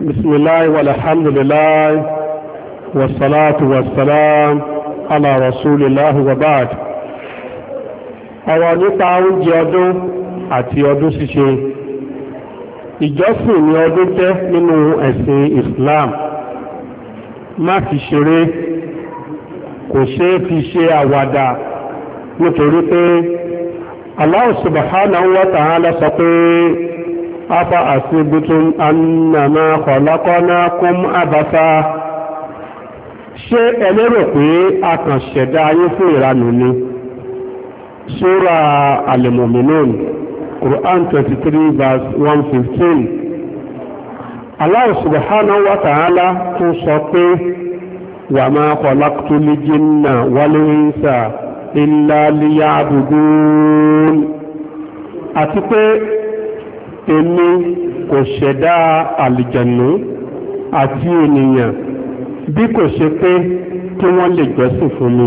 بسم الله والحمد لله والصلاة والسلام على رسول الله وبعد ọ̀rọ̀ nípa oúnjẹ ọdún àti ọdún ṣíṣe ìjọsìn ni ọdún jẹ́ nínú ẹ̀sìn Islam má fi ṣeré kò ṣe é fi ṣe àwàdà nítorí pé Allah subhanahu wa ta'ala sọ pé afa asibitun annama khalaqnakum abasa ṣe ẹ lérò pé a kàn ṣẹ̀dá ayé fún ìranù ni sura al-mu'minun quran 23 verse 115 Allah subhanahu wa ta'ala tún sọ pé wa ma khalaqtul jinna wal insa illa àti pé èmi kò ṣẹ̀dá àlìjẹ̀nú àti ènìyàn bí kò ṣe pé kí wọ́n lè jọ́sìn fún mi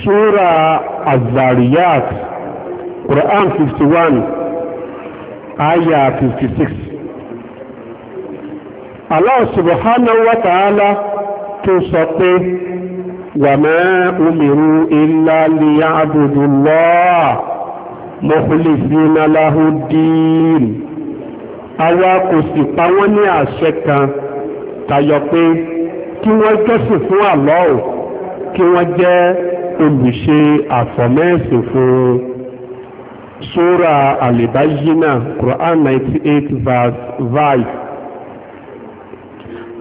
ṣúra azariyat quran 51 aya 56 Allah subhanahu wa ta'ala tó sọ pé wà ma umiru illa liya'budu Allah mọ̀fúnlẹ̀sìn aláhùndínì àwa kò sì pa wọ́n ní àṣẹ kan tayọ pé kí wọ́n jọ́sìn fún àlọ́ọ̀ kí wọ́n jẹ́ olùṣe àfọ̀mẹ́sìn fún sura alibayina quran ninety eight verse five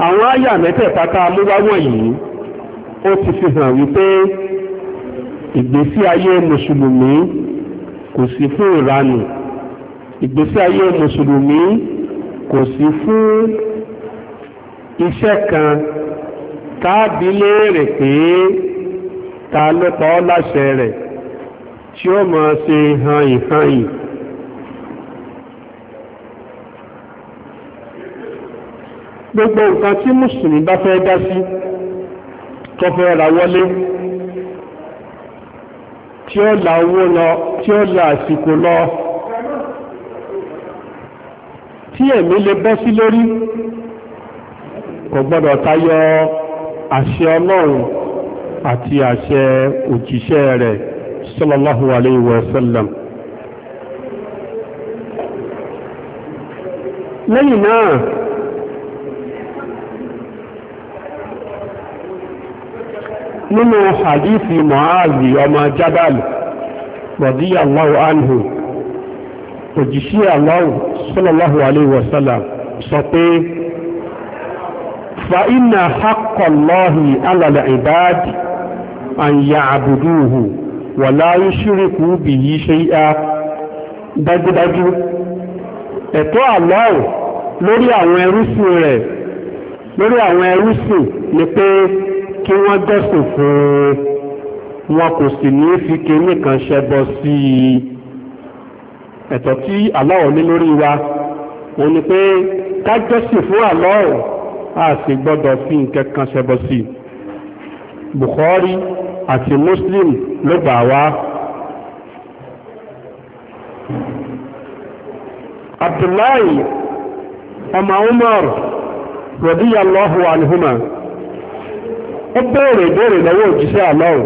àwọn àyà mẹ́tẹ̀ẹ̀ta tá a mú wá wọ̀nyí ó ti fi hàn wípé ìgbésí ayé mùsùlùmí kò sí fún ìranù ìgbésí ayé mùsùlùmí kò sí fún iṣẹ́ kan táàbí léèrè pé ta ló pa ọ́ láṣẹ rẹ̀ tí ó máa ṣe han ìhan yìí gbogbo nǹkan tí mùsùlùmí bá fẹ́ dá sí tó ra wọlé tí ó la owó lọ tí ó la àsìkò lọ tí ẹ̀mí lè bọ́ sí lórí kò gbọ́dọ̀ tayọ àṣẹ ọlọ́run àti àṣẹ òjíṣẹ́ rẹ̀ sallallahu alayhi wa lẹ́yìn náà nínú hadithi Mu'azi ọmọ Jabal radiyallahu anhu òjíṣẹ́ Allah sallallahu alayhi wa sọ pé fa inna ala ibad an ya'buduhu wa la yushriku bihi shay'a dájúdájú ẹ̀tọ́ lórí àwọn ẹrúsìn rẹ̀ lórí àwọn ẹrúsìn ni pé kí wọ́n gbẹ̀sùn fún un wọn kò sì ní fi kinní kan ṣẹbọ sí i ẹ̀tọ́ tí aláwọ̀ ní lórí wa òun ni pé ká gbẹ̀sùn fún aláwọ̀ a sì gbọ́dọ̀ fi nǹkan kan ṣẹbọ sí i Bukhari àti Muslim ló gbà wá. Abdullahi ọmọ Umar radiyallahu anhuma ó béèrè béèrè lọ́wọ́ òjíṣẹ́ Allahu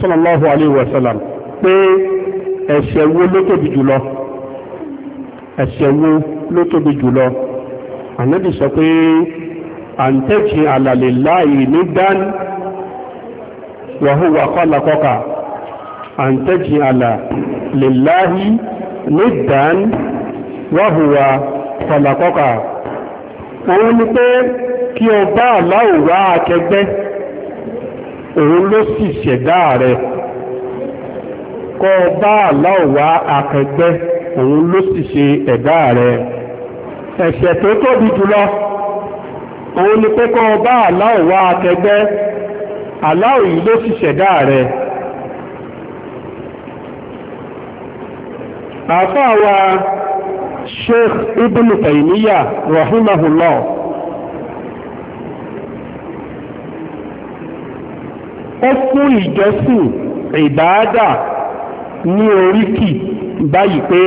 sallallahu alayhi wa sallam pé ẹ̀ṣẹ̀ wo ló tóbi jùlọ ẹ̀ṣẹ̀ wo ló tóbi jùlọ ànábì sọ pé àǹtẹ̀jì àlàlè láàyè ní dán wàhùwà kọ́làkọ́kà àǹtẹ̀jì àlàlè láàyè ní dán wàhùwà kọ́làkọ́kà òun ni pé kí o bá aláòwá akẹgbẹ́ òun ló sì ṣẹ̀dá rẹ̀ kọ́ ọ bá aláòwá akẹgbẹ́ òun ló sì ṣe ẹ̀dá rẹ̀ ẹ̀ṣẹ̀ tó tóbi jùlọ òun ni pé kọ́ ọ bá aláòwá akẹgbẹ́ aláòyí ló sì ṣẹ̀dá rẹ̀ àfáà wa Sheikh Ibn Taymiyyah rahimahullah ó fún ìjọsìn ìbáádà ní oríkì báyìí pé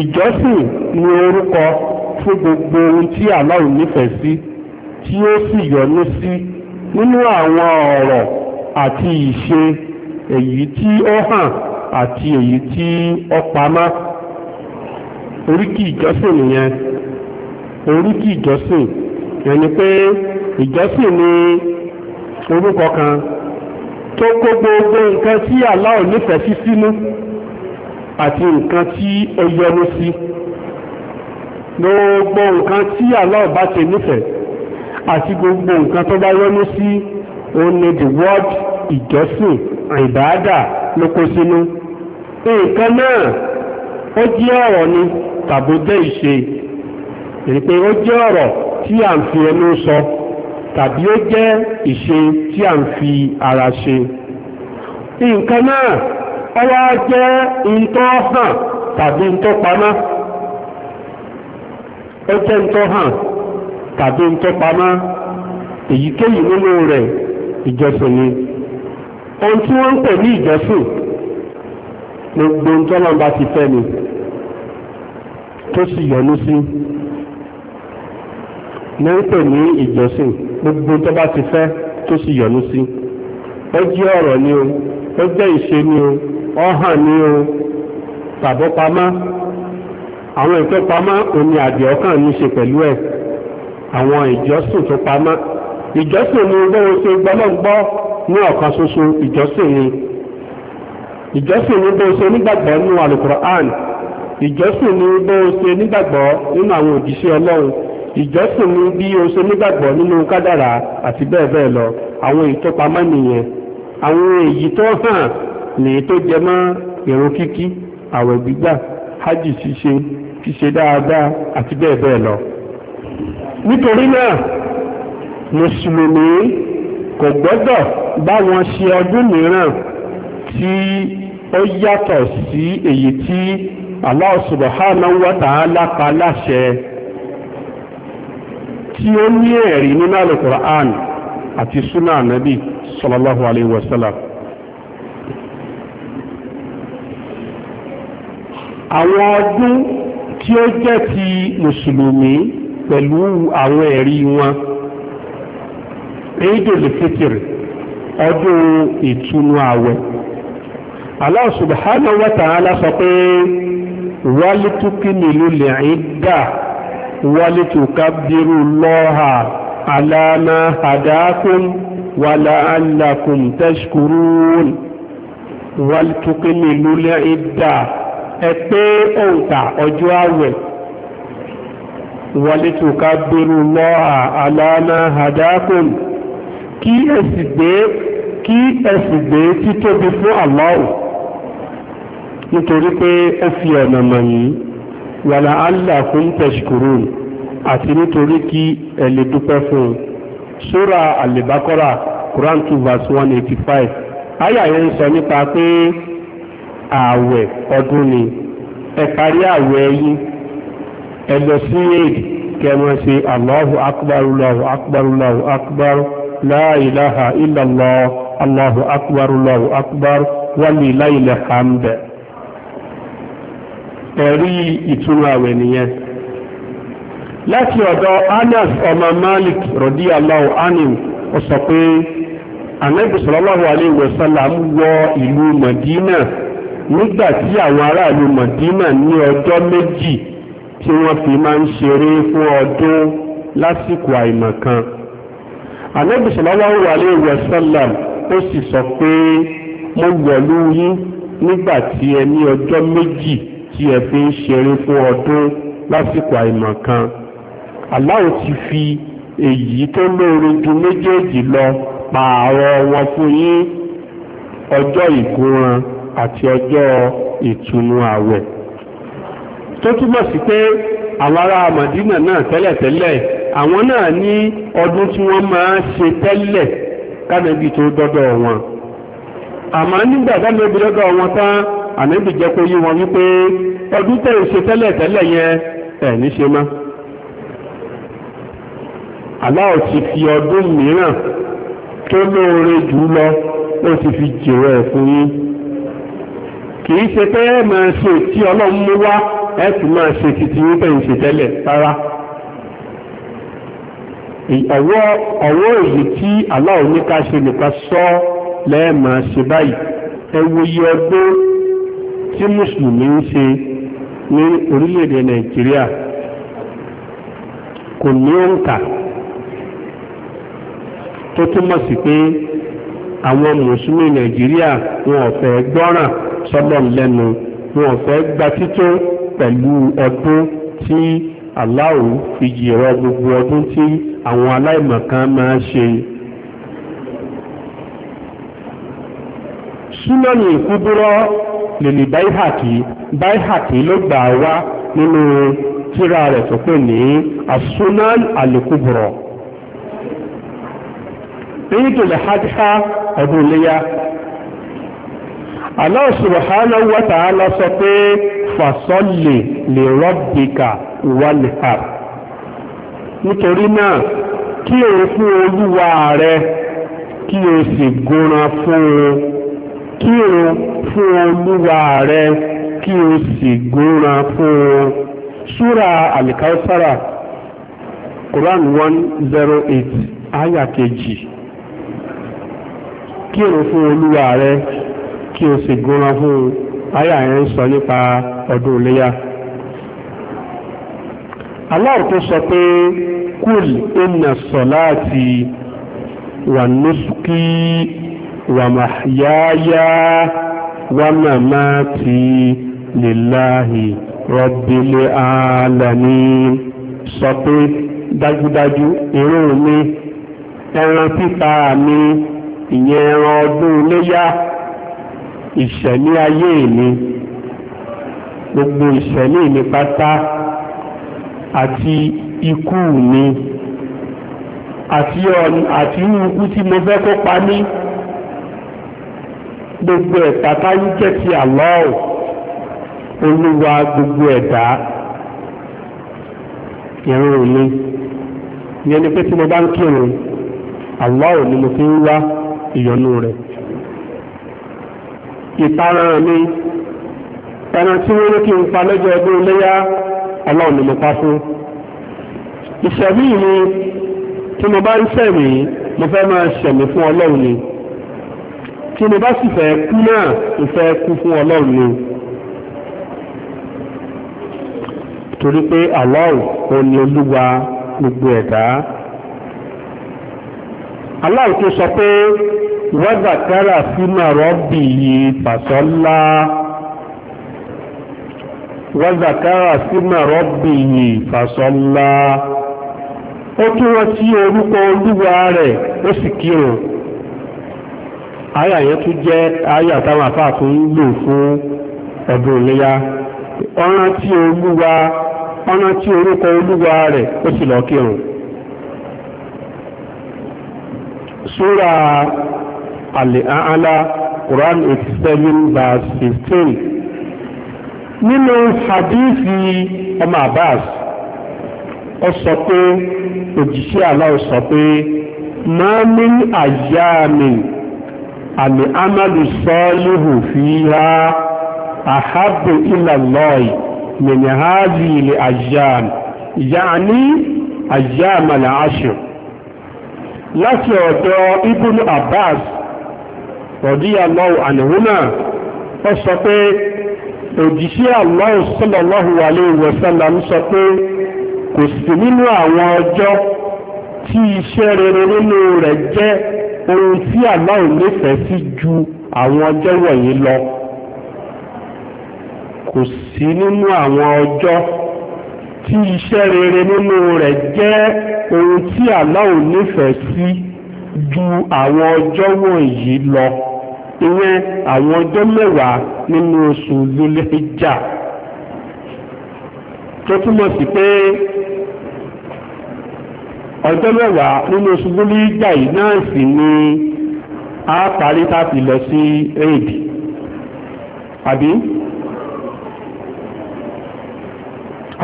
ìjọsìn ní orúkọ fún gbogbo ohun tí Allah nífẹ̀ẹ́ sí tí ó sì yọ́nú sí nínú àwọn ọ̀rọ̀ àti ìṣe èyí tí ó hàn àti èyí tí ó pamọ́ oríkì ìjọsìn nìyẹn oríkì ìjọsìn yẹn pé ìjọsìn ni. orúkọ kan tó kó gbogbo nǹkan tí Allah nífẹ̀ẹ́ sí sínú àti nǹkan tí ó yọnu sí gbogbo nǹkan tí Allah bá ti nífẹ̀ẹ́ àti gbogbo nǹkan tó bá yọnu sí òun ni the word ìjọsìn ìbáàdà ló kó sínú nǹkan náà ó jẹ́ ọ̀rọ̀ ni tàbí ó jẹ́ ìṣe èyí pé ó jẹ́ ọ̀rọ̀ tí à ń fi ẹnu sọ. So tàbí ó jẹ́ ìṣe tí a ń fi ara ṣe nǹkan náà ọwá jẹ́ ntọ́ hàn tàbí ntọ́ pamọ́ ó jẹ́ ntọ́ hàn tàbí ntọ́ pamọ́ èyíkéyìí nínú rẹ̀ ìjọsìn ni ohun tí wọ́n ń pè ní ìjọsìn gbogbo ntọ́lọ́mbà ti fẹ́ ni tó sì yọ́nú sí. Si ní ń pè ní gbogbo tó bá ti fẹ́ tó sì sí ó jẹ́ ọ̀rọ̀ ni o ó jẹ́ ìṣe ni o ọ̀hàn ni o tàbó pamọ́ àwọn ìtọ́ pamọ́ òní àdì ọkàn ní ṣe pẹ̀lú ẹ̀ àwọn ìjọsìn tó ìjọsìn ni bẹ́ẹ̀ ṣe gbọ́lọ́gbọ́ ní ọ̀kan ṣoṣo ìjọsìn ni ni bẹ́ẹ̀ ṣe nígbàgbọ́ nínú Al-Qur'an ni ṣe nígbàgbọ́ nínú àwọn ìjọsìn ni bí o ṣe nígbàgbọ́ nínú kádàrà àti bẹ́ẹ̀ bẹ́ẹ̀ lọ àwọn èyí tó pamọ́ nìyẹn àwọn èyí tó hàn nìyí tó jẹ mọ́ ìrun kíkí àwẹ̀ gbígbà hajj ṣíṣe ṣíṣe dáadáa àti bẹ́ẹ̀ bẹ́ẹ̀ lọ. nítorí náà mùsùlùmí kò gbọ́dọ̀ bá wọn ṣe ọdún mìíràn tí ó yàtọ̀ sí èyí tí Allah subhanahu wa ta'ala pa láṣẹ tí ó ní ẹ̀rí nínú alukur'an àti súnà ànábì sallallahu alayhi wa sallam àwọn ọdún tí ó jẹ́ ti mùsùlùmí pẹ̀lú àwọn ẹ̀rí wọn Eidul Fitr ọdún ìtúnu àwẹ̀ Allah subhanahu wa ta'ala pé wálítúkínìlú lè ولتكبروا الله على ما هداكم ولعلكم تشكرون ولتكملوا العدة ẹ̀pẹ́ òǹkà ọjọ́ àwẹ̀ ولتكبروا الله على ما هداكم kí ẹ̀sì gbé kí ẹ̀sì gbé títóbi fún Allah nítorí pé ó fi ọ̀nà mọ̀ yìí wàlà allah fún tẹ̀síkúrún àti nítorí kí ẹ lè dúpẹ́ fún un sura alibakora quran two verse one eighty five àyà yẹn ń sọ nípa pé ààwẹ̀ ọdún ni ẹ parí ààwẹ̀ yín ẹ lọ sí aid kẹmọ sí allahu akbar allahu akbar allahu akbar la ilaha illallah allahu akbar allahu akbar ẹ̀rí ìtúnu àwẹ̀ nìyẹn láti ọ̀dọ̀ anas ọmọ malik radiyallahu anhu ó sọ pé anabi sallallahu alayhi wa sallam wọ ìlú madina nígbà tí àwọn aráàlú madina ní ọjọ́ méjì tí wọ́n fi máa ń ṣeré fún ọdún lásìkò àìmọ̀kan anabi sallallahu wa sallam ó sì sọ pé mo wọ̀lú yín nígbà ẹ ní ọjọ́ méjì tí ẹ fi ń ṣeré fún ọdún lásìkò àìmọ̀ kan aláwo ti fi èyí tó lóore ju méjèèjì lọ pààrọ̀ wọn fún yín ọjọ́ ìgúnran àti ọjọ́ ìtùnú àwẹ̀ tó túmọ̀ sí pé àwọn ará Màdínà náà tẹ́lẹ̀tẹ́lẹ̀ àwọn náà ní ọdún tí wọ́n máa ń ṣe tẹ́lẹ̀ kánẹ́bí tó dọ́dọ̀ wọn àmọ́ nígbà kánẹ́bí dọ́dọ̀ wọn tán ànábì jẹ́ kó yí wọn wípé ọdún tẹ̀ ń ṣe tẹ́lẹ̀ tẹ́lẹ̀ yẹn ẹ̀ ní ṣe mọ́ Allah ti fi ọdún mìíràn tó lóore jù lọ ó ti fi jèrè ẹ̀ fún yín kìí ṣe pé ẹ máa ṣe tí ọlọ́run mú wá ẹ sì máa ṣe títí yín tẹ̀ ń ṣe tẹ́lẹ̀ rárá ọwọ́ ọwọ́ èyí tí Allah ní nìkan sọ lẹ́ẹ̀ máa ṣe báyìí ẹ wo iye ọdún tí mùsùlùmí ń ṣe ní orílẹ̀-èdè nàìjíríà kò ní òǹkà tó túmọ̀ sí pé àwọn mùsùlùmí nàìjíríà wọn ọ̀fẹ́ gbọ́ràn sọ́dọ̀ lẹ́nu wọn ọ̀fẹ́ fẹ́ gba tító pẹ̀lú ọdún tí aláwo fi jìrọ gbogbo ọdún tí àwọn aláìmọ̀kan máa ṣe súnmọ́ ní ìkúbúrọ́ lèlì báyìhàkì báyìhàkì ló gbà wá nínú tírà rẹ̀ tó pè ní asunan alikubro èyí tó lè hajjá ọdún iléyà Allah subhanahu wa ta'ala sọ pé fasalli li rabbika wanhar nítorí náà kí o fún olúwa rẹ kí o sì gúnra fún un o fún olúwa rẹ kí o sì gúnran fún wọn súra alikausara Quran 108 aya kejì o fún olúwa rẹ kí o sì gúnran fún aya yẹn ń sọ nípa ọdún iléyà Allah tó sọ pé kúl inna salati wa nusuki ومحياي ومماتي لله رب العالمين sọ pé dájúdájú irun mi ẹran pípa mi ìyẹn ẹran ọdún léyá ìṣẹ̀mí ayé mi gbogbo ìṣẹ̀mí mi pátá àti ikú mi àti ikú tí mo fẹ́ kó pa gbogbo ẹ̀ka táyé jẹ́ ti Allah olúwa gbogbo ẹ̀dá ìrìn òní ìyẹn ni pé tí mo bá ń kírun Allah ni mo fi ń wá ìyọ́nú rẹ̀ ìparun mi ẹran tí wọ́n ní kí n pa lọ́jọ́ ọdún iléyá Allah ni mo pa fún ìṣẹ̀mí mi tí mo bá ń ṣẹ̀mí mo fẹ́ máa ṣẹ̀mí fún ọlọ́run ni tí mo bá sì fẹ́ kú náà mo fẹ́ kú fún ọlọ́run ni torí pé Allah ò ní olúwa gbogbo ẹ̀dá Allah tó sọ pé wàdàkárà fímà rọ́bì yìí fàṣọ́lá wàdàkárà fímà rọ́bì yìí fàṣọ́lá ó tún rántí orúkọ olúwa rẹ̀ ó sì kírun àyà yẹn tún jẹ́ àyà táwọn àfáà tó ń lò fún ọdún iléyá ọ̀ràn tí olúwa ọ̀ràn tí orúkọ olúwa rẹ̀ ó sì lọ kírun súra al Quran 87 verse 15 nínú hadithi ọmọ Abbas ó sọ pé òjìṣẹ́ Allah sọ pé máa ní àyà àmì amalu sọ́ọ́lùhù fi ha àhábù ìlàlọ́ì mẹ̀nì hábì ilẹ̀ àjáàm yàní àjáàm àlàáṣù láti ọ̀dọ̀ ibùn abbas rọ̀díyàlọ́wọ̀ àníhúnà ó sọ pé òjíṣẹ́ Allah sallallahu alayhi wa sallam sọ pé kò sí nínú àwọn ohun tí Allah nífẹ̀ẹ́ sí ju àwọn ọjọ́ wọ̀nyí lọ kò sí nínú àwọn ọjọ́ tí iṣẹ́ rere nínú rẹ̀ jẹ́ ohun tí Allah nífẹ̀ẹ́ sí ju àwọn ọjọ́ wọ̀nyí lọ ìyẹn àwọn ọjọ́ mẹ́wàá nínú oṣù lólẹ́jà tó túmọ̀ sí pé ọjọ́ mẹ́wàá nínú oṣù gúlí ìjà yìí náà sì ni a parí láti lọ sí aid àbí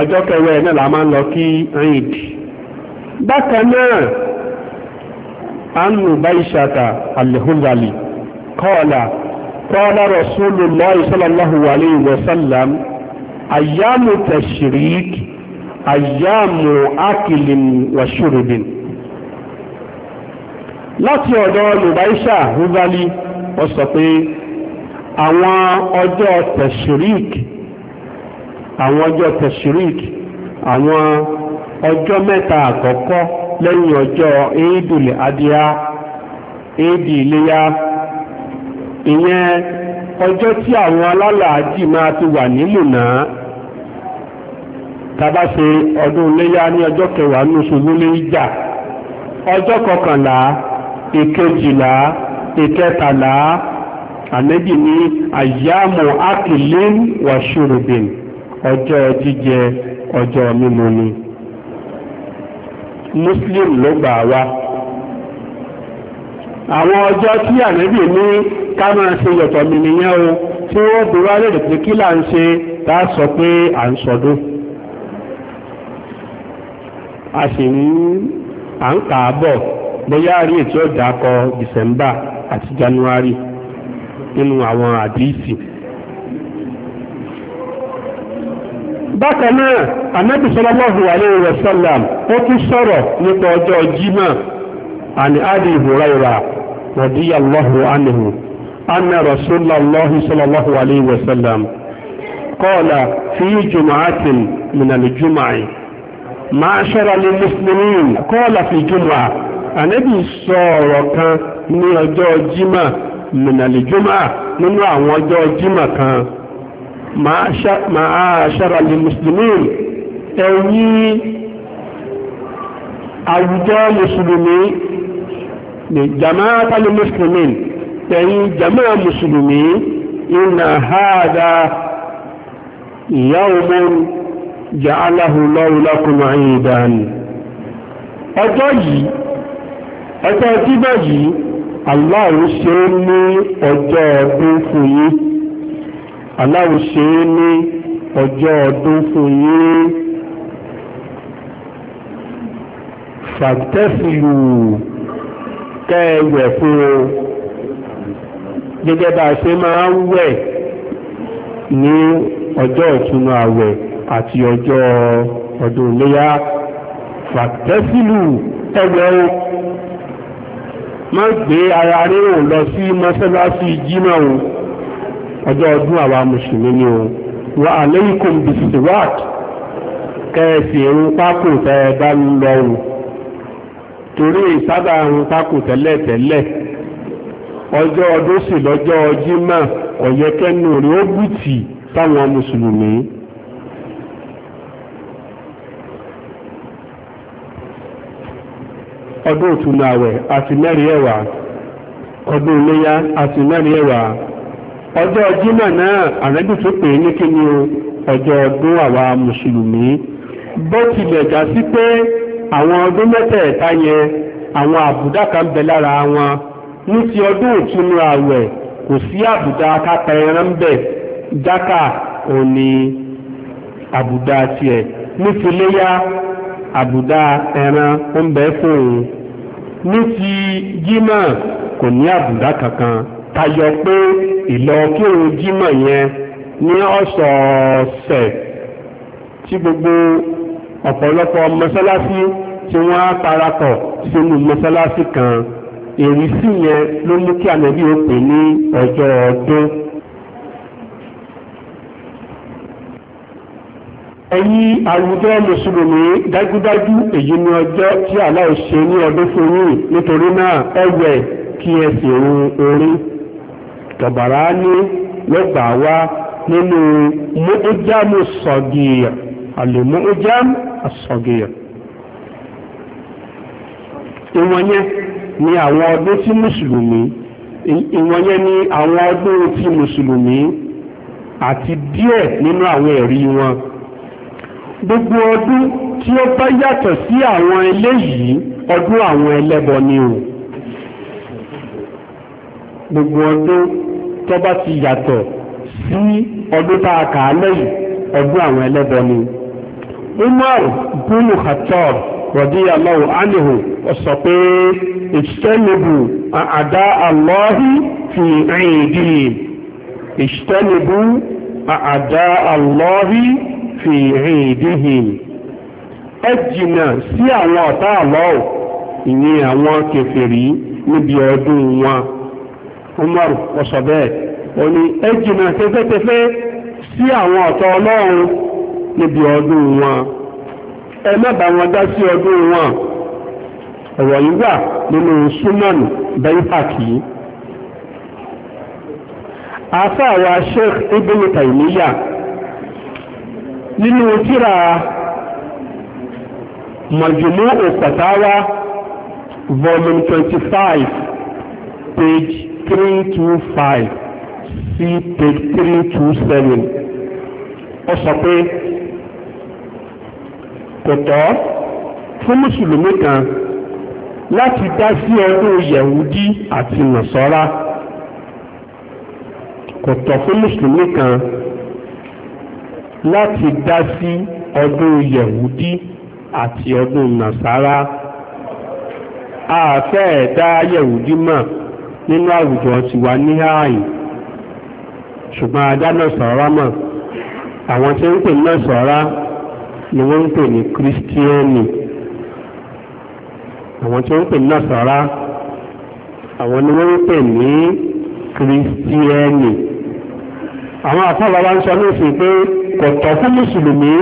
ọjọ́ kẹwẹ́ náà la máa ń lọ kí aid bákan náà annu baishata alihuzali kọ́ọ̀lá kọ́ọ̀lá rasulullahi sallallahu alayhi wa sallam ayyamu tashrik àyàmù akìlìn wàṣúrùbìn láti ọ̀dọ̀ lùbáíṣà rúbálí ó sọ pé àwọn ọjọ́ tẹ̀ṣíríkì àwọn ọjọ́ tẹ̀ṣíríkì àwọn ọjọ́ mẹ́ta àkọ́kọ́ lẹ́yìn ọjọ́ éèdùl adìyá éèdì iléyá ìyẹn ọjọ́ tí àwọn alálàájì máa ti wà nílùú náà tàbá ṣe ọdún léyá ní ọjọ́ kẹwàá ní oṣù lólé ìjà ọjọ́ kọkànlá ìkejìlá ìkẹtàlá ànẹ́bì ní àyàmù akìlín wàṣúrùbìn ọjọ́ jíjẹ ọjọ́ mímu ni muslim ló gbà wá àwọn ọjọ́ tí ànẹ́bì ní ká máa ṣe yọ̀tọ̀ mi nìyẹn o tí wọ́n bí wá lè pé kí là ń ṣe tá a sọ pé à ń sọdún a sì à ń kà bọ̀ bóyá rí ètò ọ̀dà kọ December àti January nínú àwọn àdìsí. bákan anábì sallallahu alayhi wa ó tún sọ̀rọ̀ nípa ọjọ́ jimá àni Abi Hurairah radiyallahu anhu anna Rasulullah sallallahu alayhi wa kọla qala fi máṣẹ́ra lè mùsùlùmí kọ́ọ̀lá fi jùmọ̀ ànábì sọ ọ̀rọ̀ kan ní ọjọ́ jímà mìnàlìjúmà nínú àwọn ọjọ́ jímà kan máṣẹ́ra lè mùsùlùmí ẹ̀yí àwùjọ mùsùlùmí ní jamaata lè mùsùlùmí ẹ̀yí jamaa mùsùlùmí ìnà hádà yawmun ja'alahu Allahu lakum iidan ọjọ́ yìí ọjọ́ jíbọ̀ yìí Allah ṣe é ní ọjọ́ ọdún fún yín ṣe é ní ọjọ́ ọdún fún yín kẹ́ẹ̀wẹ̀ fún o àti ọjọ́ ọdún iléyá fàtẹ́sílù ẹgbẹ́ o má gbé ara lọ sí mọ́sálásí jímọ̀ o ọjọ́ ọdún àwà mùsùlùmí ni o wà alaykum bisiwak kẹ́ẹ̀sì irun pákó tẹ́ bá o torí ìsábà irun pákó ọjọ́ ọdún sì lọ́jọ́ jímọ̀ ọ̀yẹ́kẹ́nu rí ó bùtì Ọdụ otu n'awẹ ati mẹ́rin ẹ̀wà ọdún iléyá àti mẹ́rin náà ànábì tó pè ní ọdún àwa mùsùlùmí bó tilẹ̀ já sí pé àwọn ọdún mẹ́tẹ̀ẹ̀ta yẹn àwọn àbùdá kan bẹ lára wọn ní ti ọdún ìtúnu àwẹ̀ kò sí àbùdá ẹran ń bẹ fún òun ní ti jímọ̀ kò ní àbùdá kankan tayọ pé ìlọ kí òun jímọ̀ yẹn ní ọ̀sọ̀ọ̀sẹ̀ tí gbogbo ọ̀pọ̀lọpọ̀ mọ́sálásí tí wọ́n á parapọ̀ sínú mọ́sálásí kan èrí yẹn ló mú kí ànábì ó pè ní ọjọ́ ọdún ẹ̀yin àwùjọ mùsùlùmí dájúdájú èyí ni ọjọ́ tí aláì ṣe ní ọdún fún yìí nítorí náà ẹwẹ̀ kí ẹ sì rún orí tọ̀bàrá ní lọ́gbà wá nínú mọ́ọ́jámù sọ̀gìyà àlèmọ́ọ́jámù sọ̀gìyà ìwọ̀nyẹn ni àwọn ọdún tí mùsùlùmí ìwọ̀nyẹn ni àwọn ọdún tí mùsùlùmí àti díẹ̀ nínú àwọn ẹ̀rí wọn gbogbo ọdún tí ó bá yàtọ̀ sí àwọn eléyìí ọdún àwọn ẹlẹ́bọ ni o gbogbo ọdún tó bá ti yàtọ̀ sí ọdún tá a kà á ọdún àwọn ẹlẹ́bọ ni Umar bunu Khattab radiyallahu anhu pé àdá àlọ́hí fi àdá fi ìdíhìn ẹ jìnà sí àwọn ọ̀tá àlọ́ọ̀ ìyẹn àwọn kèfèrí níbi ọdún wọn Umar ọ̀sọ̀ bẹ́ẹ̀ ó ní ẹ jìnà tẹ́fẹ́tẹ́fẹ́ sí àwọn ọ̀tá ọlọ́run níbi ọdún wọn ẹ má wọn dá sí ọdún wọn ọ̀rọ̀ yìí nínú Sunan Baihaqi àfáà Sheikh Ibn Taymiyyah nínú tírà Majmu'u Fatawa volume 25 page 325 sí page 327 ó sọ pé kò tọ́ fún mùsùlùmí kan láti dá sí ọdún yẹ̀wúdí àti nàṣọ́rá kò tọ́ fún mùsùlùmí kan láti dá sí ọdún yẹ̀wúdí àti ọdún nàṣàrà àfẹ́ ẹ̀dá yẹ̀wúdí mọ̀ nínú àwùjọ tiwa ní ààyè ṣùgbọ́n adá nàṣàrà mọ̀ àwọn tí ń pè nàṣàrà ni wọ́n ń pè ní kírísítíẹ́nì àwọn tí wọ́n ń pè ní àwọn ni wọ́n ń pè ní kírísítíẹ́nì àwọn àfáàbà wa ń sọ lóòsì pé kò tọ́ fún mùsùlùmí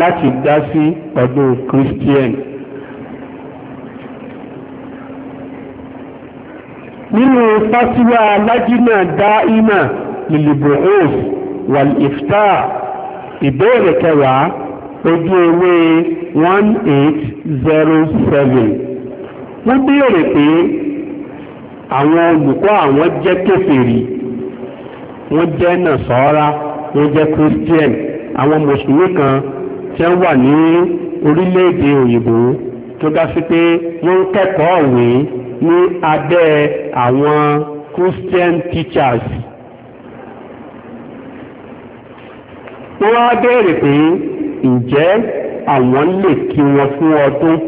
láti dá sí ọdún christian nínú fásiwá alájínà dá ìmà lilibuhus wal ifta ìbéèrè kẹwàá ojú ewé 1807 wọ́n béèrè pé àwọn olùkọ́ àwọn jẹ́ kèfèrí wọ́n jẹ́ nàṣọ́ra wọ́n jẹ́ christian àwọn mùsùlùmí kan tí wọ́n wà ní orílẹ̀-èdè òyìnbó tó dá sí pé wọ́n kẹ́kọ̀ọ́ òwe ní abẹ́ àwọn christian teachers. wọ́n wá béèrè pé ǹjẹ́ àwọn lè kí wọn fún ọdún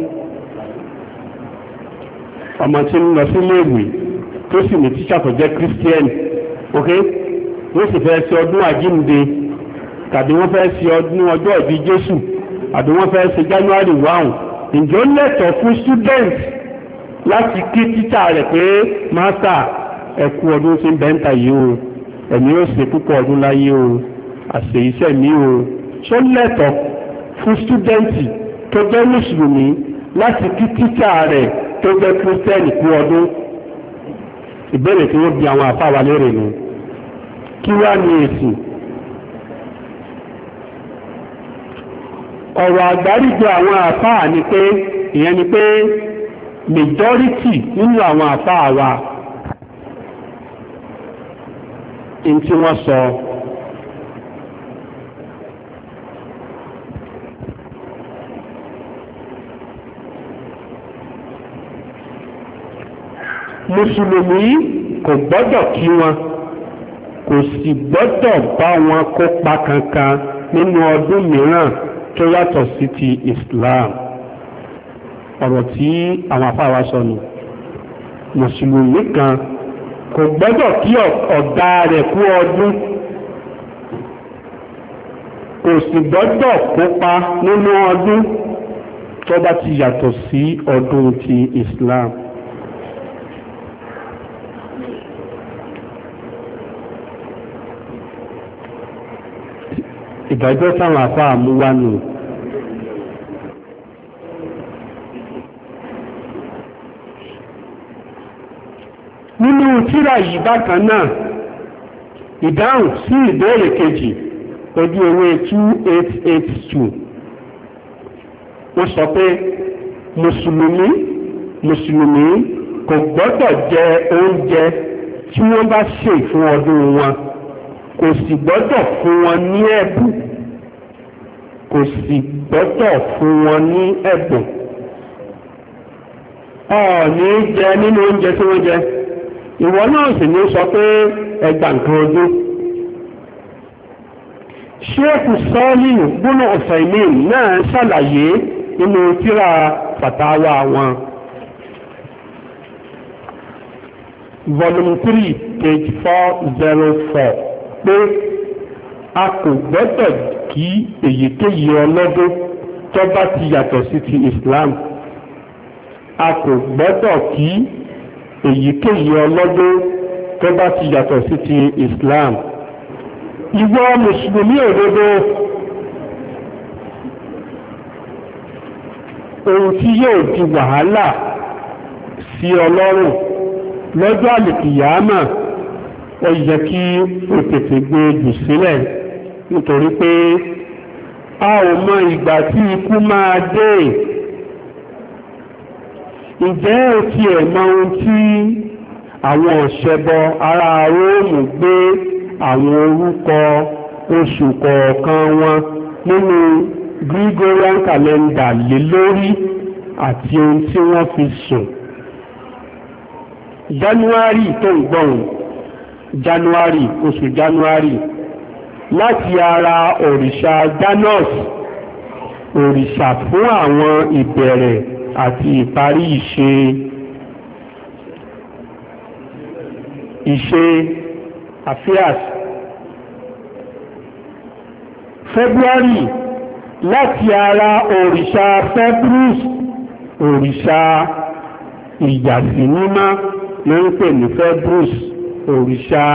ọmọ tí ń lọ sílé ìwé tó sì ní tíṣà tó jẹ́ christian ok. wọ́n sì fẹ́ ṣe ọdún àjínde tàbí wọ́n fẹ́ ṣe ọdún ọjọ́ ìbí Jésù àbí wọ́n fẹ́ ṣe January one ǹjọ́ lẹ́tọ̀ọ́ fún student láti kí títà rẹ̀ pé master ẹ̀kú ọdún sí bẹ́ńtà yìí o ẹ̀mí ó ṣe púpọ̀ ọdún láyé o àṣẹ iṣẹ́ mi o ṣó lẹ́tọ̀ọ́ fún student tó jẹ́ mùsùlùmí láti kí títà rẹ̀ tó jẹ́ kírísítẹ́nì kú ọdún ìbéèrè tí wọ́n bi àwọn àfáà wa lérè nù. kí ni èsì ọ̀rọ̀ àgbáríjọ àwọn àpá ni pé ìyẹn ni pé majority nínú àwọn àpá wa in tí wọ́n sọ mùsùlùmí kò gbọ́dọ̀ kí wọn kò sì gbọ́dọ̀ bá wọn kópa kankan nínú ọdún mìíràn tó yàtọ̀ sí ti Islam ọ̀rọ̀ tí àwọn afáwa sọ nù mùsùlùmí kan kò gbọ́dọ̀ kí ọ̀gá rẹ̀ kú ọdún kò sì gbọ́dọ̀ kópa nínú ọdún tó bá ti yàtọ̀ sí ọdún ti Islam. ìdájọ́ táwọn afá àmúwá nù nínú tírà yìí bákan náà ìdáhùn sí ìbéèrè kejì ojú ewé 2882 wọ́n sọ pé mùsùlùmí mùsùlùmí kò gbọ́dọ̀ jẹ oúnjẹ tí wọ́n bá ṣe fún ọdún wọn kò sì gbọ́dọ̀ fún wọn ní ẹ̀bùn kò sì gbọ́dọ̀ fún wọn ní ẹ̀bùn ọ̀ọ̀ni jẹ nínú oúnjẹ tí wọ́n jẹ ìwọ náà sì ní sọ pé ẹgbà nǹkan ọdún ṣéèkù sọ́ọ́lì gbóná ọ̀sẹ̀ ilé náà ṣàlàyé nínú tírà fàtàwà wọn volume 3 page 404 pé a kò gbọ́dọ̀ kí èyíkéyìí ọlọ́dún tó bá ti yàtọ̀ sí ti Islam a kò gbọ́dọ̀ kí èyíkéyìí ọlọ́dún tó bá ti yàtọ̀ sí ti Islam ìwọ mùsùlùmí òdodo ohun tí yóò di wàhálà sí ọlọ́run lọ́jọ́ àlùkìyàmà ó yẹ kí o tètè gbé jù sílẹ̀ nítorí pé a ò mọ ìgbà tí ikú máa dé ǹjẹ́ o tiẹ̀ mọ ohun tí àwọn ọ̀ṣẹbọ ará róòmù gbé àwọn orúkọ oṣù kọ̀ọ̀kan wọn nínú Gregorian calendar lé lórí àti ohun tí wọ́n fi sùn January tó ń gbọ́n january oṣù january láti ara òrìṣà janus òrìṣà fún àwọn ìbẹ̀rẹ̀ àti ìparí ìṣe ìṣe affairs february láti ara òrìṣà February òrìṣà ìyàsímímá ló ń pè ní February òrìṣà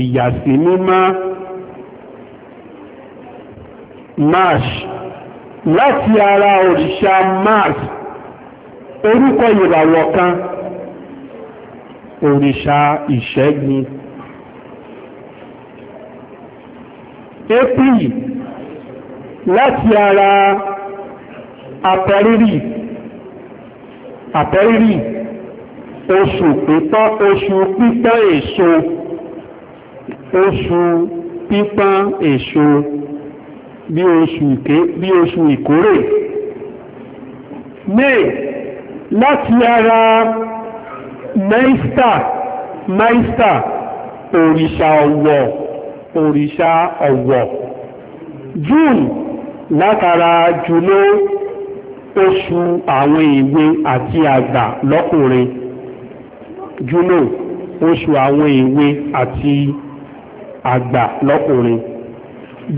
ìyàsímímá marsh láti ara òrìṣà mars orúkọ ìràwọ̀ kan òrìṣà ìṣẹ́gun april láti ara àpẹrírì àpẹrírì oṣù pípọ́n oṣù pípọ́n èso oṣù pípọ́n èso bí oṣù ìké bí oṣù ìkórè may láti ara maista maista òrìṣà ọ̀wọ̀ òrìṣà ọ̀wọ̀ june látara julo oṣù àwọn ìwé àti àgbà lọ́kùnrin júlò oṣù àwọn èwe àti àgbà lọ́kùnrin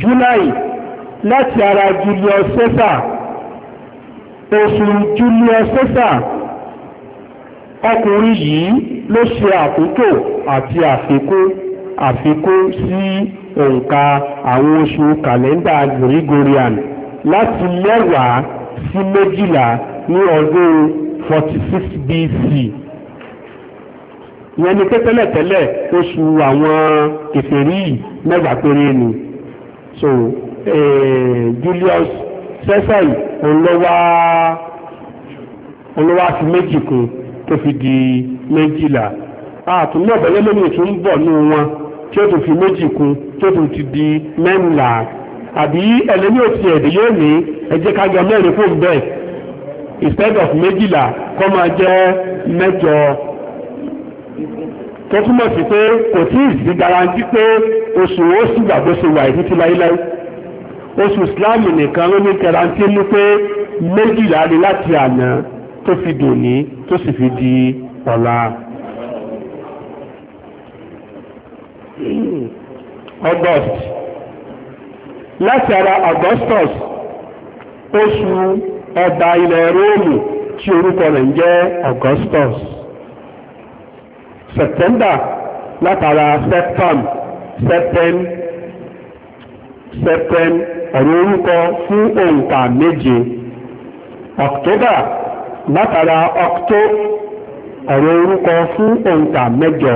july láti ara julius caesar oṣù julius caesar ọkùnrin yìí ló ṣe àkótò àti àfikún àfikún sí òǹkà àwọn oṣù kàlẹ́ndà gregorian láti mẹ́wàá sí méjìlá ní ọdún 46 BC ìyẹn ni pé tẹ́lẹ̀tẹ́lẹ̀ oṣù àwọn kèfèrí mẹ́wàá péré ni so eh, Julius Caesar olówá olówá fi méjì kún tó fi di méjìlá àtúnú ọ̀bẹ̀lẹ́ lónìí tún ń bọ̀ ní wọn tí ó tún fi méjì kún tí ó tún ti di mẹ́rìnlá àbí ẹlẹ́ni òtí ẹ̀dẹ̀ yóò ní ẹjẹ́ kájọ mẹ́rin fún bẹ́ẹ̀ instead of méjìlá kọ́ máa jẹ́ mẹ́jọ tó túmọ̀ sí pé kò tí ì sí garanti pé oṣù ó sì gbàgbó ṣe wà ìdí ti láíláí oṣù ìsìláàmù nìkan ló ní garanti mú pé méjìlá ni láti àná tó fi dòní tó sì fi di ọ̀la august láti ara augustus oṣù ọba ilẹ̀ róòmù tí orúkọ rẹ̀ ń jẹ́ augustus september látara septam septem septem ọ̀rọ̀ orúkọ fún òǹkà méje october látara octo ọ̀rọ̀ orúkọ fún òǹkà mẹ́jọ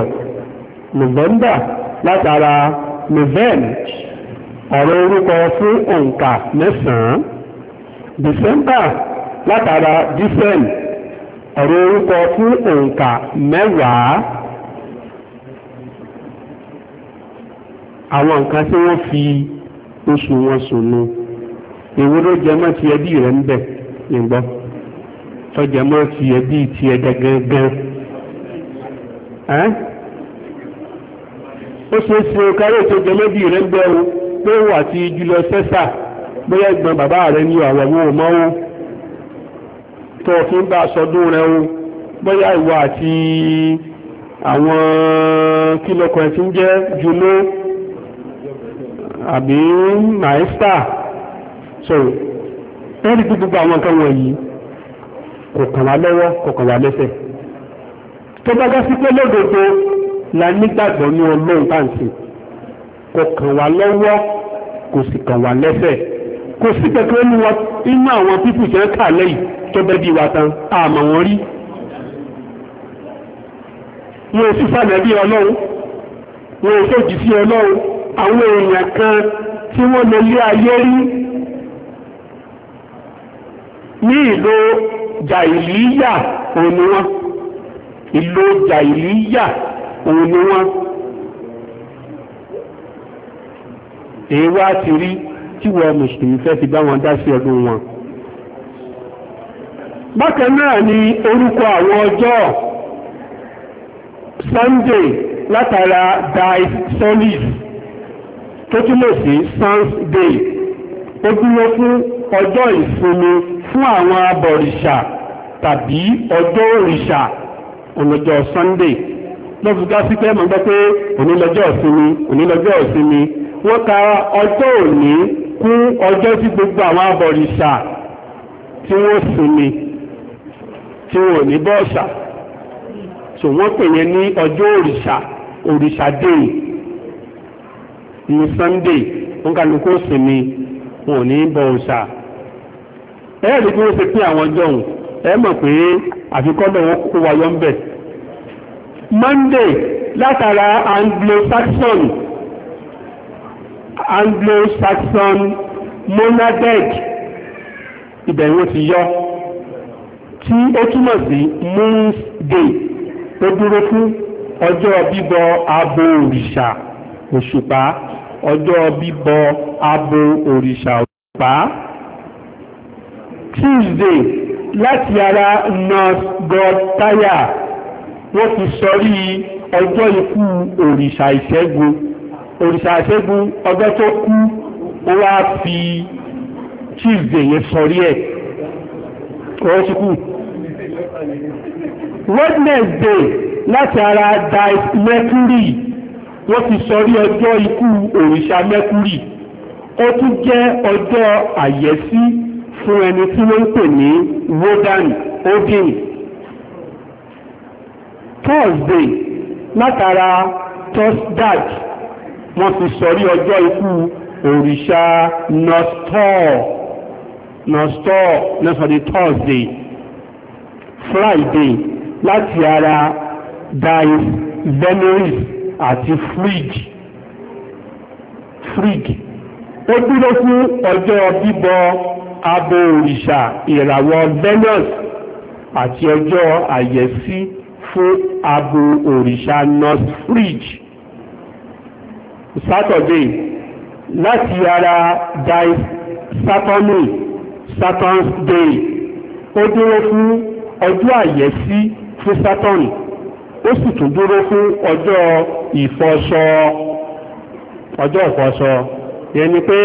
november látara novem ọ̀rọ̀ orúkọ fún òǹkà mẹ́sàn-án december látara decem ọ̀rọ̀ orúkọ fún òǹkà mẹ́wàá. àwọn nǹkan tí wọ́n fi oṣù wọn sùn nu èwo ló jẹ mọ́ ti ẹbí rẹ̀ ń bẹ̀ ìgbọ́ tọ́jà mọ́ ti ẹbí ti ẹ̀dẹ̀ gangan ó ṣe é ṣe kárẹ́ tó jẹ mọ́bí rẹ̀ ń bẹ̀ o pé wà ti jùlọ sẹ́sà bóyá ìgbọ̀n bàbá rẹ̀ ní àwọn owó mọ́wó tó fi ń bá aṣọdún rẹ̀ o bóyá ìwà àti àwọn kílọ̀kọ̀ ẹ̀ ti ń jẹ́ jùlọ àbí maista so ẹ̀rí pé gbogbo àwọn nǹkan wọ̀nyí kò kàn wá lọ́wọ́ kò kàn wá lẹ́sẹ̀ tó bá gásí pé lódodo la nígbàgbọ́ ní ọlọ́run báǹsì kò kàn wá lọ́wọ́ kò sì kàn wá lẹ́sẹ̀ kò sí kankan nínú inú àwọn pípù jẹ́ kà lẹ́yìn tó bẹ́ bí wa tán àmọ́ wọn rí wọn sí sàmẹ́bí ọlọ́run wọn sójì sí ọlọ́run àwọn èèyàn kan tí wọ́n lè lé ayé rí ní ìlò jàìlíyà òun ni wọ́n ìlò jàìlíyà òun èèwà ti rí tí wọ́n mùsùlùmí fẹ́ ti bá wọn dá sí ọdún wọn bákan náà ni orúkọ àwọn ọjọ́ Sunday látara dice solid tó túmọ̀ sí sunday ó dúró fún ọjọ́ ìsinmi fún àwọn abọ̀rìṣà tàbí ọjọ́ òrìṣà ọlọ́jọ́ sunday lọ́fíìgá sí pé mọ̀ gbọ́ pé onílọ́jọ́ ìsinmi onílọ́jọ́ ìsinmi wọ́n ka ọjọ́ òní kún ọjọ́ tí gbogbo àwọn abọ̀rìṣà tí wọ́n sinmi tí wọ́n ní bọ́ọ̀ṣà so wọ́n pè yẹn ní ọjọ́ òrìṣà òrìṣà déyìí ní sunday wọn kà ní kó sinmi wọn ò ní bọ òòṣà ẹ̀yẹ́ ní kí wọ́n ṣe pín àwọn ọjọ́ òun ẹ mọ̀ pé àfikọ́lẹ̀ wọn kó wa ń bẹ̀ monday látara anglo-saxon anglo-saxon Monadec, ibẹ̀ wọ́n ti yọ tí ó túmọ̀ sí moon's day tó dúró fún ọjọ́ bíbọ abo òrìṣà òṣùpá ọjọ́ bíbọ abo òrìṣà òpá Tuesday láti ara north god taya wọ́n fi sọrí ọjọ́ ikú òrìṣà ìṣẹ́gun òrìṣà ìṣẹ́gun ọjọ́ tó kú ó wá fi Tuesday yẹn sọrí ẹ̀ ọwọ́ ti kú Wednesday láti ara dice mercury wọ́n ti sọrí ọjọ́ ikú òrìṣà mẹ́kúrì ó tún jẹ́ ọjọ́ àyẹ́sí fún ẹni tí wọ́n ń pè ní wodan odin thursday látara thursday wọ́n ti sọrí ọjọ́ ikú òrìṣà nostor nostor nọ́sọ̀dí thursday friday láti ara dice veneris àti fridge, fridge. ó dúró fún ọjọ́ bíbọ abo òrìṣà ìràwọ̀ venus àti ọjọ́ àyẹ̀sí fún abo òrìṣà fridge. saturday láti ara dice saturday saturn's day ó dúró fún ọjọ́ àyẹ̀sí fún saturn ó sì tún dúró fún ọjọ́ ìfọṣọ ọjọ́ ìfọṣọ yẹn ni pé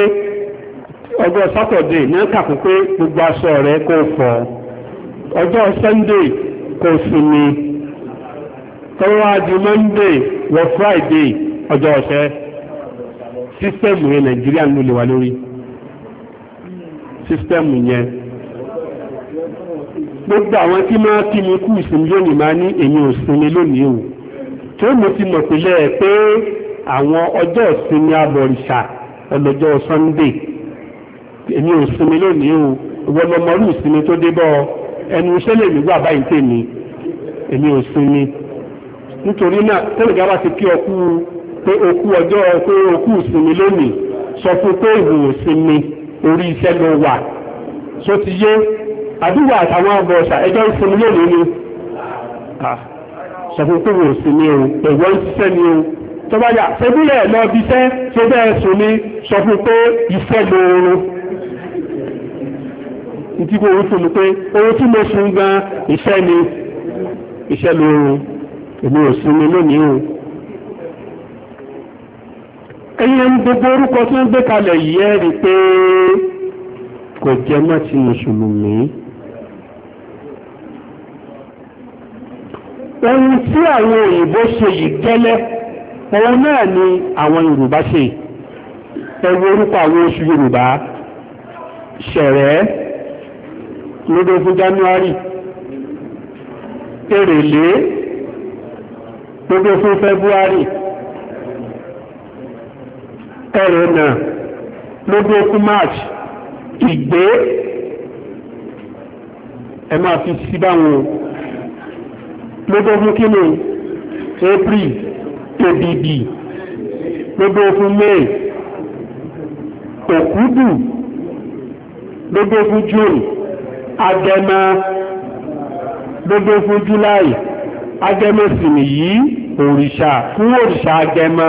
ọjọ́ sátọ̀dé ní kàkún pé gbogbo aṣọ rẹ kò fọ ọjọ́ sẹ́ńdé kò sinmi tọ́wọ́ adi mọ́ndé wọ fúráìdé ọjọ́ ọ̀sẹ̀ sísẹ́mù yẹn nàìjíríà ń lulẹ̀ wá lórí sísẹ́mù yẹn gbogbo àwọn tí máa kí mi kú ìsinmi lónìí máa ní èyí ò sinmi lónìí o tí ó mo ti mọ̀ pínlẹ̀ pé àwọn ọjọ́ ìsinmi abọ̀rìṣà ọlọ́jọ́ Sunday èmi ò sinmi lónìí o ìwọ́n lọ mọ́rú ìsinmi tó dé bọ́ ẹnu iṣẹ́ lè nígbà báyìí tèmi èmi ò sinmi nítorí náà tẹ́lẹ̀gá bá ti kí ọkú pé okú ọjọ́ pé okú ìsinmi lónìí sọ fún pé ìwò ìsinmi orí iṣẹ́ ló wà só ti yé àdúgbò àtàwọn ọbọ̀ọ̀ṣà ẹjọ́ ìsinmi lè ní ṣọ̀fún pé wò sí ní o ẹ̀wọ́n ṣiṣẹ́ ní o tó bá yà ṣẹ́bílẹ̀ lọ bí iṣẹ́ tó bẹ́ẹ̀ sùn ní ṣọ̀fún pé iṣẹ́ lóorun tí kò wí fún mi pé owó tí mo sùn o ẹ̀yìn gbogbo orúkọ tó ń gbé kalẹ̀ yìí ẹ̀ rí pé kò jẹ́ mọ́ ti mùsùlùmí ohun tí àwọn òyìnbó ṣe yìí gẹ́lẹ́ ọwọ́ náà ni àwọn yorùbá ṣe ẹwọ orúkọ àwọn oṣù yorùbá ṣẹ̀rẹ́ lódó fún january èrèlé lódó fún february ẹrẹ̀nà lódó fún march ìgbé ẹ máa fi sí báwọn lójó fún kí ni april tòbìbì lójó fún may òkúdù lójó fún june agẹmọ lójó fún july agẹmọ sì nìyí òrìṣà fún òrìṣà agẹmọ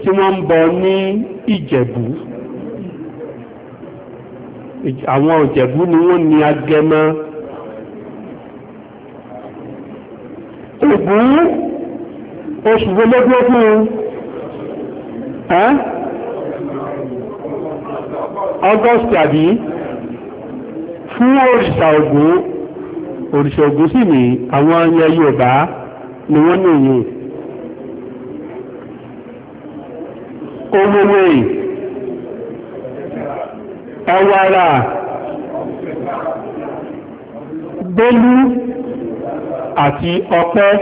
tí wọ́n ń bọ ní ìjẹ̀bú àwọn ìjẹ̀bú ni wọ́n ní agẹmọ ìbú oṣù gbogbo fún august àbí fún òrìṣà Ògún òrìṣà Ògún sì ní àwọn ayẹ Yorùbá ni wọ́n ní òyìn olówó ẹwàrà gbélú àti ọpẹ́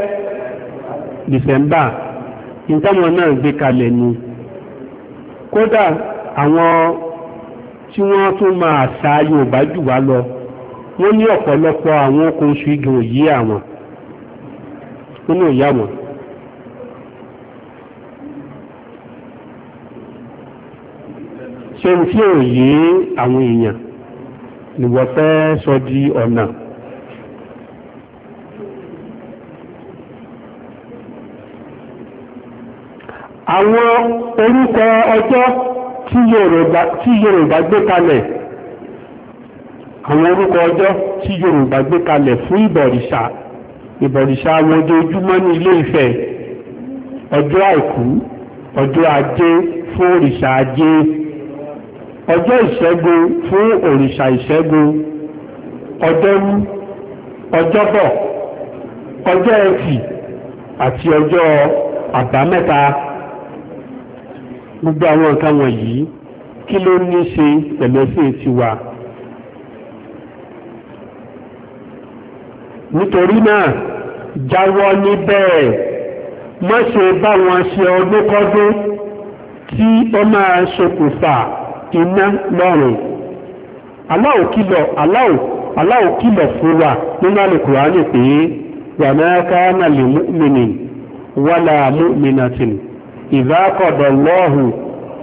December ìtàwọn náà gbé kalẹ̀ ni kódà àwọn tí wọ́n tún máa sa Yorùbá jù wá lọ wọ́n ní ọ̀pọ̀lọpọ̀ àwọn okùn oṣù igi òyí àwọn nínú ìyá wọn ṣe ń fi òyí àwọn èèyàn nìwọ̀n fẹ́ sọ di ọ̀nà àwọn orúkọ ọjọ́ tí Yorùbá gbé kalẹ̀ àwọn orúkọ ọjọ́ tí Yorùbá gbé kalẹ̀ fún ìbọ̀rìṣà ìbọ̀rìṣà wọn ojoojúmọ́ ní Ilé Ifẹ̀ ọjọ́ àìkú ọjọ́ ajé fún òrìṣà ajé ọjọ́ ìṣẹ́gun fún òrìṣà ìṣẹ́gun ọjọ́rú ọjọ́bọ̀ ọjọ́ ẹtì àti ọjọ́ àbámẹ́ta gbogbo àwọn nǹkan wọ̀nyí kí ló ní ṣe pẹ̀lẹ́sìn tiwa nítorí náà jáwọ́ níbẹ̀ má ṣe bá wọn ṣe ọdún kọ́dún tí ó máa ṣokùnfà iná lọ́rùn aláwò kìlọ̀ aláwò aláwò kìlọ̀ fún wa nínú Al-Kùránì pé wa ma kana li mu'minin wala mu'minatin إذا قضى الله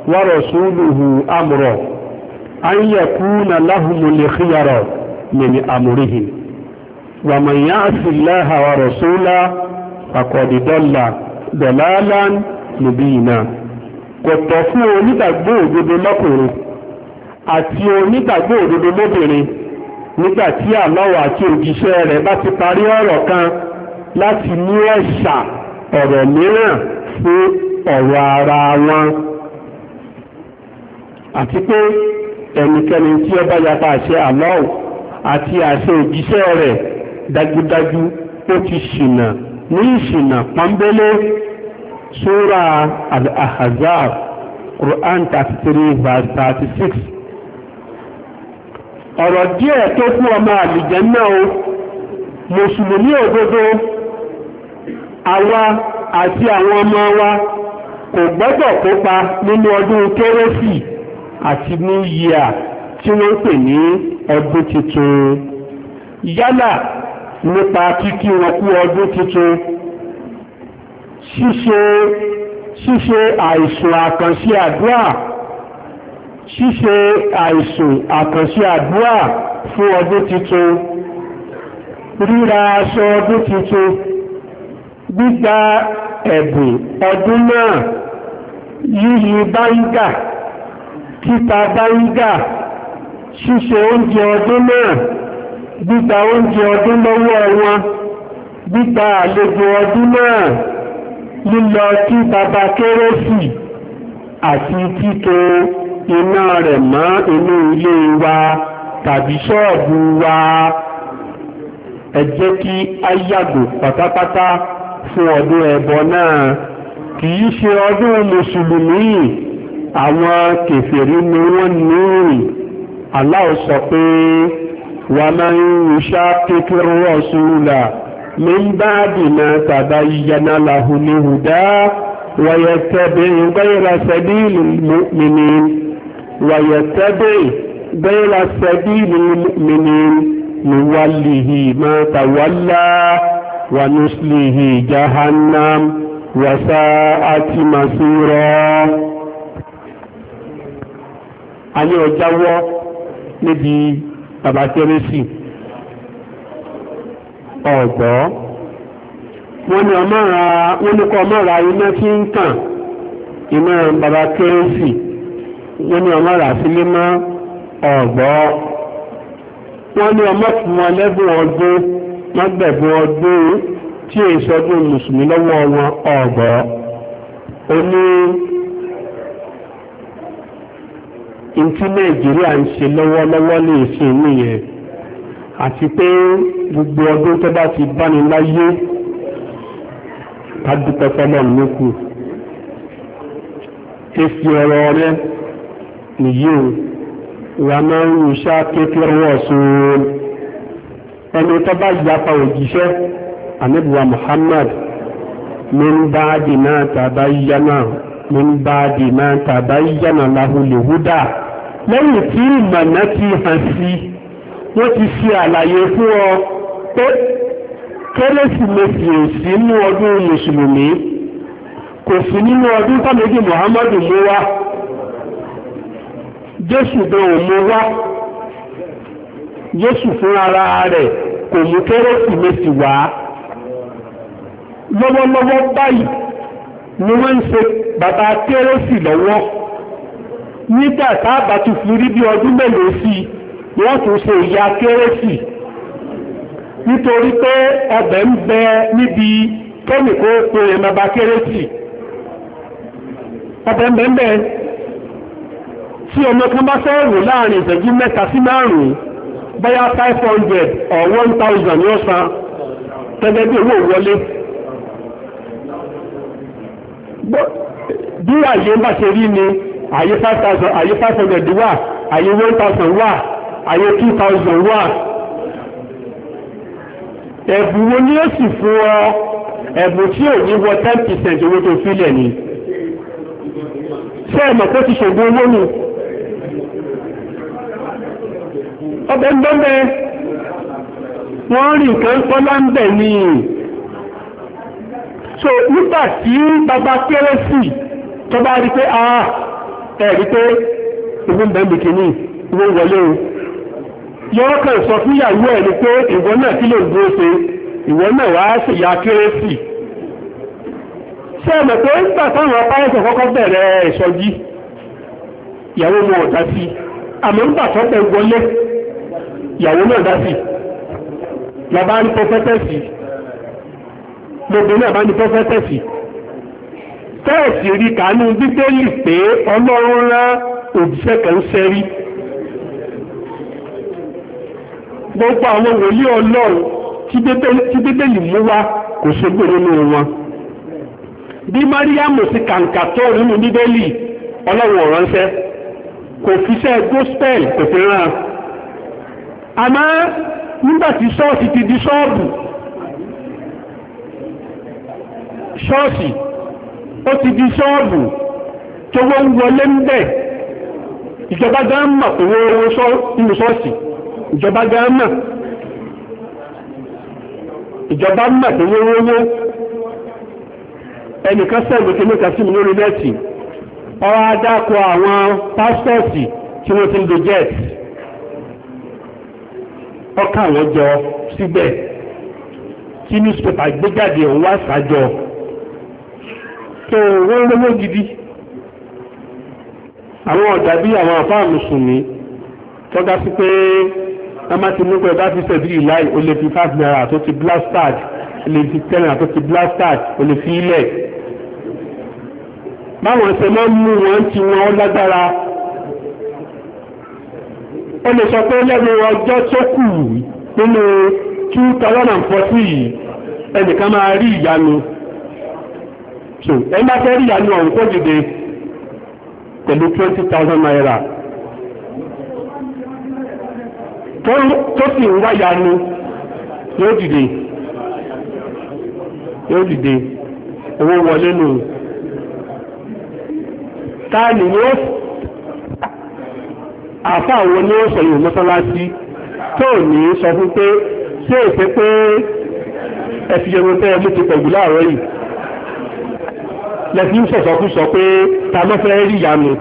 ورسوله أمرا أن يكون لهم الخيار من أمرهم ومن يعص الله ورسوله فقد ضل ضلالا مبينا kò tọ́ fún onígbàgbọ́ òdodo lọ́kùnrin àti onígbàgbọ́ òdodo lóbìnrin nígbà tí àlọ́wọ̀ àti òjíṣẹ́ rẹ̀ bá ti ọ̀rọ̀ mìíràn fún ọ̀rọ̀ ara wọn àti pé ẹnikẹ́ni tí ó bá yapa àṣẹ Allah àti àṣẹ òjíṣẹ́ rẹ̀ dájúdájú ó ti ṣìnà ní ìṣìnà pọ́nbélé ṣúra al-ahzab quran 33 verse 36 ọ̀rọ̀ díẹ̀ tó fún ọmọ àlìjẹ́ náà o mùsùlùmí òdodo àwa àti àwọn ọmọ wa kò gbọ́dọ̀ kópa nínú ọdún kérésì àti new year tí wọ́n pè ní ọdún tuntun yálà nípa kíkí wọn kú ọdún tuntun ṣíṣe ṣíṣe àìsùn àkànṣe àdúrà ṣíṣe àìsùn àkànṣe àdúrà fún ọdún tuntun ríra aṣọ ọdún tuntun gbígba ẹ̀bùn ọdún náà yíyí báńgà títa báńgà ṣíṣe oúnjẹ ọdún náà gbígba oúnjẹ ọdún lọ́wọ́ wọn gbígba àlejò ọdún náà lílọ kí bàbá kérésì àti títò iná rẹ̀ mọ́ inú ilé wa tàbí ṣọ́ọ̀bù wa ẹ jẹ́ kí á yàgò pátápátá fún ọdún ẹbọ náà kì í ṣe ọdún mùsùlùmí àwọn kèfèrí ni wọ́n ní Allah sọ pé wa man yushaqiqi rasula min ba'di ma tabayyana lahul huda wa yattabi' ghayra sabilil mu'minin wa yattabi' ghayra sabilil mu'minin nuwallihi ma tawalla ونصله جهنم وساءت مصيرا ayé ọjáwọ́ níbi bàbá kérésì ọ̀gbọ́ wọ́n ní ọmọ́ra wọ́n ní kọ́ ọmọ́ra iná tí ń tàn iná bàbá kérésì wọ́n ní ọmọ́ra sílé mọ́ ọ̀gbọ́ wọ́n ní ọmọ fún wọn lẹ́bùn ọdún wọ́n gbẹ̀bùn ọdún tí èyí sọdún mùsùlùmí lọ́wọ́ wọn ọ̀gọ́ ó ní ntí nàìjíríà ń ṣe lọ́wọ́lọ́wọ́ lè ṣe nìyẹn àti pé gbogbo ọdún tó bá ti báni láyé ká dúpẹ́ lókù èsì ọ̀rọ̀ rẹ nìyí o ìwà máa ń rú iṣẹ́ kékeré ẹni tó bá yapa òjíṣẹ́ Muhammad min ba'di ma tabayyana min ba'di ma tabayyana lahul huda lẹ́yìn tí ìmọ̀nà ti hàn sí wọ́n ti ṣe àlàyé fún ọ pé kérésìmesì ò sí nínú ọdún mùsùlùmí kò sí nínú ọdún Muhammadu mú wá jésù Jésù fún ara rẹ̀ kò mú kérésìmesì wá lọ́wọ́lọ́wọ́ báyìí ni wọ́n ń ṣe bàbá kérésì lọ́wọ́ nígbà táàbà tún fi rí bí ọdún mélòó sí wọ́n tún ṣe ìyá kérésì nítorí pé ọbẹ̀ ń bẹ níbi kẹ́mìkó pé bàbá kérésì ọbẹ̀ ń bẹ ń bẹ tí ọmọ kan bá fẹ́ rò láàrin ìṣẹ́jú mẹ́ta sí márùn-ún bóyá 500 or 1000, thousand yóò san tẹ́lẹ̀ bí owó wọlé bí àyè ń bá ṣe rí ni àyè five thousand àyè 500? hundred wà àyè one thousand wà àyè two thousand wà ẹ̀bùn wo ni ó sì fún ọ ẹ̀bùn tí ò ní wọ ten percent owó tó fílẹ̀ ni ṣé ẹ̀mọ̀ ti ṣògbọ́n owó nù. ọbẹ̀ ń bẹ́ẹ̀ wọ́n rí nǹkan kọ́lá ń bẹ̀ ni so nígbà tí bàbá kérésì tó bá rí pé a ah, ẹ̀rí pé ìwé ń bẹ̀ẹ́ bìkì ní ìwé wọlé o yọ́ kàn sọ fún ìyàwó ẹ̀ ni pé ìwọ náà kí ló ń dúró ṣe ìwọ náà wàá sì ya kérésì ṣé ọmọ pé nígbà táwọn apáyẹsẹ̀ kọ́kọ́ bẹ̀rẹ̀ ìsọjí ìyàwó wọn ọ̀dá sí àmọ́ nígbà tó bẹ̀ wọlé ìyàwó náà dá sí lọ́ba ní pọ́fẹ́tẹ̀sì gbogbo náà bá ní pọ́fẹ́tẹ̀sì tẹ́ẹ̀sì rí kàánú bíbélì pé ọlọ́run rán òjíṣẹ́ kan sẹ́rí gbogbo àwọn wòlíì ọlọ́run tí bíbélì mú wá kò ṣogbó nínú wọn bí mariamu sí kàǹkà tó nínú bíbélì ọlọ́run ọ̀ránṣẹ́ kò fiṣẹ́ gospel kò fi rán an àmọ́ nígbàtí ṣọ́ọ̀sì ti di ṣọ́ọ̀bù ṣọ́ọ̀sì ó ti di ṣọ́ọ̀bù tó wọ́n ń wọlé ń bẹ̀ ìjọba gáàmà owó owó inú ṣọ́ọ̀sì ìjọba gáàmà ìjọba mọ̀ tó wọ́n wọ́n wọ́n ẹnìkan sẹ́gbẹ̀ tí mẹ́ta sí mi lórí nẹ́ẹ̀tì ọwọ́ adákọ̀ àwọn pásítọ̀ọ̀sì tí wọ́n ti ń do jẹ́ẹ̀tì ọkàn àwọn jọ síbẹ̀ tí newspaper gbéjáde òun wá sájọ tó wọ́n lówó gidi àwọn ọ̀dà bí àwọn àfáà mùsùlùmí tọ́gá sí pé ọmọ ti mú pé bá ti sẹ̀bí ìláì o lè fi five naira tó ti blastard o lè fi ten naira tó ti blastard o lè fi ilẹ̀ báwọn ṣe máa ń mú wọn ti wọn lágbára ó lè sọ pé lẹ́nu ọjọ́ tó kù nínú 2014 yìí máa rí ìyanu so ẹ máa fẹ́ rí ìyanu ọ̀hún kó dìde pẹ̀lú 20,000 naira tó sì ń wá ìyanu yóò dìde yóò dìde owó wọlé nù àfá àwọn ní ó sọ̀yìn mọ́sálásí tó ní sọ fún pé tí ó fẹ́ pé ẹfìyẹ̀wọ̀n tẹ́ ẹmú ti pẹ̀lú láàárọ̀ yìí lẹ́fí ń sọ̀sọ́kú sọ pé ta mọ́fẹ́ rí ìyanu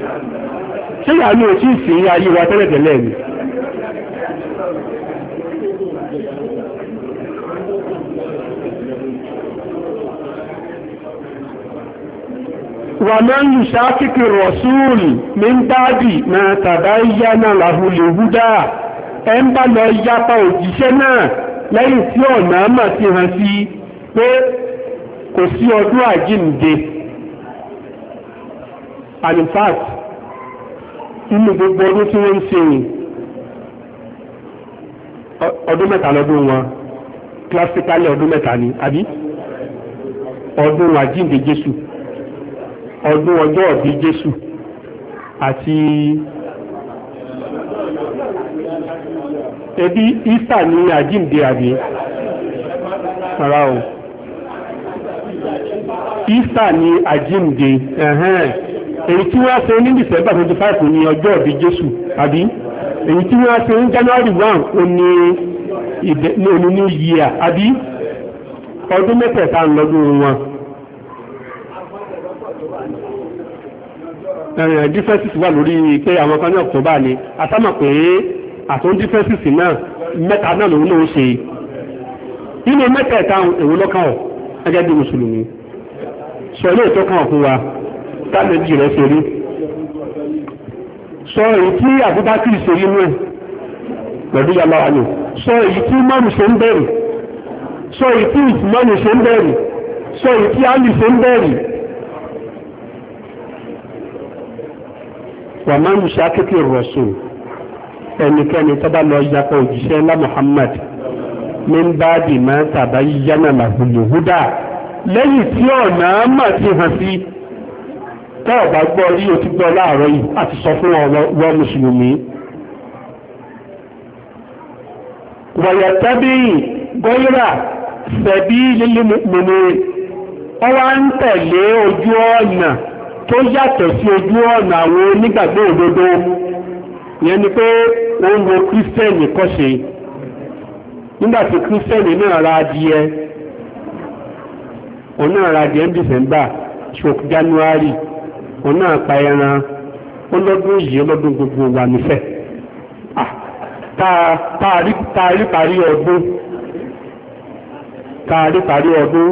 ṣé ìyanu ò tí ì sí ayé wa tẹ́lẹ̀tẹ́lẹ̀ ni ومن يشاكك الرسول من بعد ما تبين له الهدى ẹn bá lọ yapa òjíṣẹ́ náà lẹ́yìn tí ọ̀nà àmà ti hàn sí pé kò sí ọdún àjíǹde and in fact inú gbogbo ọdún tí wọ́n ń ṣe yìí ọdún mẹ́ta lọ́dún wọn classically ọdún mẹ́ta ni àbí ọdún àjíǹde Jésù ọdún ọjọ́ ọ̀bí Jésù àti ẹbí Easter ní àjíǹde àbí ara o Easter ní àjíǹde ẹ̀hẹ́n èyí tí wọ́n ṣe ní December 25 ní ọjọ́ ọ̀bí Jésù àbí èyí tí wọ́n ṣe ní January 1 ó ní ìdẹ́ ní New Year àbí ọdún mẹ́tẹ̀ẹ̀ta lọ́dún wọn Eh, differences wà lórí pé àwọn kan ní October ni asámọ̀ pé àtún differences náà mẹ́ta náà lòun náà ń ṣe nínú mẹ́tẹ̀ẹ̀ta èwo lọ́kàn ọ̀ gẹ́gẹ́ bí mùsùlùmí sọ ilé ìtọ́kàn ọ̀fún wa tánàbí rẹ̀ ṣe rí sọ èyí tí Abubakar ṣe rí mú pẹ̀lú yàrá wa ni sọ èyí tí mọ́mù ṣe ń bẹ̀rù sọ èyí tí ìsìmọ́mù ṣe ń bẹ̀rù sọ èyí tí alì ṣe ń bẹ̀rù wà máa ń lu sákìtì rọ̀sùn ẹnikẹ́ni tó bá lọ yapa òjíṣẹ́ ńlá Muhammad mímbáàdì máa ń tàbá yíyánà làhùlùhúdà lẹ́yìn tí ọ̀nà mà ti hàn sí tọ́ ti gbọ́ láàárọ̀ fún tó yàtọ̀ sí ojú ọ̀nà àwọn onígbàgbọ́ òdodo yẹn ni pé ó ń lo kírísítẹ́nì kọ́ṣe nígbàtí kírísítẹ́nì náà ra adìẹ òun náà ra adìẹ ní dìsẹ́mbà ṣòk january òun náà pa ẹran ọlọ́dún yìí gbogbo wà nífẹ̀ parí ọdún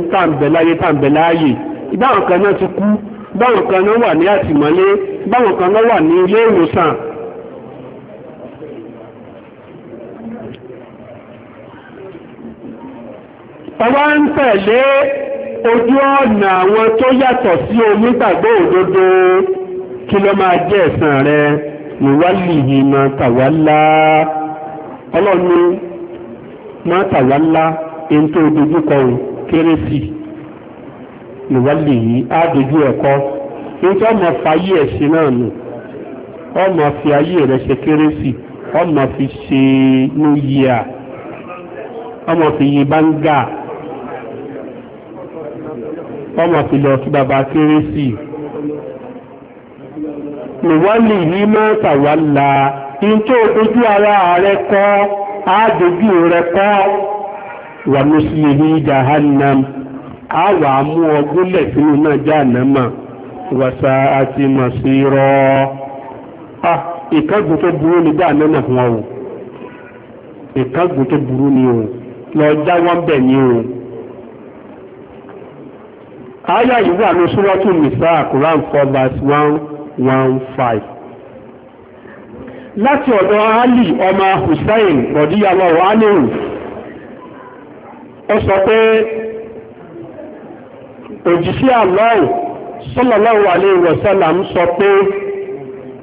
kan náà ti kú báwọn kan náà wà ní àtìmọ́lé báwọn kan náà wà ní ilé ìwòsàn ọwá ń tẹ̀lé ojú ọ̀nà àwọn tó yàtọ̀ sí onígbàgbọ́ òdodo kí ló máa jẹ́ ẹ̀san rẹ ìwálì yìí máa tàwálá ọlọ́ni máa tàwálá èyí tó ìwádìí yìí á dojú ẹ̀kọ́ nítorí ọmọ fàyè ẹ̀sìn náà ọmọ fi ayé rẹ̀ ṣe sí, ọmọ fi ṣe new ọmọ fi yí báńgà ọmọ fi lọ sí baba kérésì ìwọ́lì yìí máa tàwà la ìjọ ojú ara rẹ kọ́ á dojú rẹ kọ́ wà a wà mú ọgbọ́n lẹ̀ sínú náà já ànámà wàsá àti màsírọ́ ìkágun tó burú ni já ànámà fún wa o tó burú ni o lọ já wọn bẹ̀ ni o. Aya yìí wà ní Súrọ́tù Nìsá Quran 4 verse 115. Láti ọ̀dọ̀ Ali ọmọ Hussein Rọ̀díyàlọ́ Anihun, Ọ sọ pé òjíṣẹ́ àlọ́ọ̀ sallallahu alaihi wasallam ń sọ pé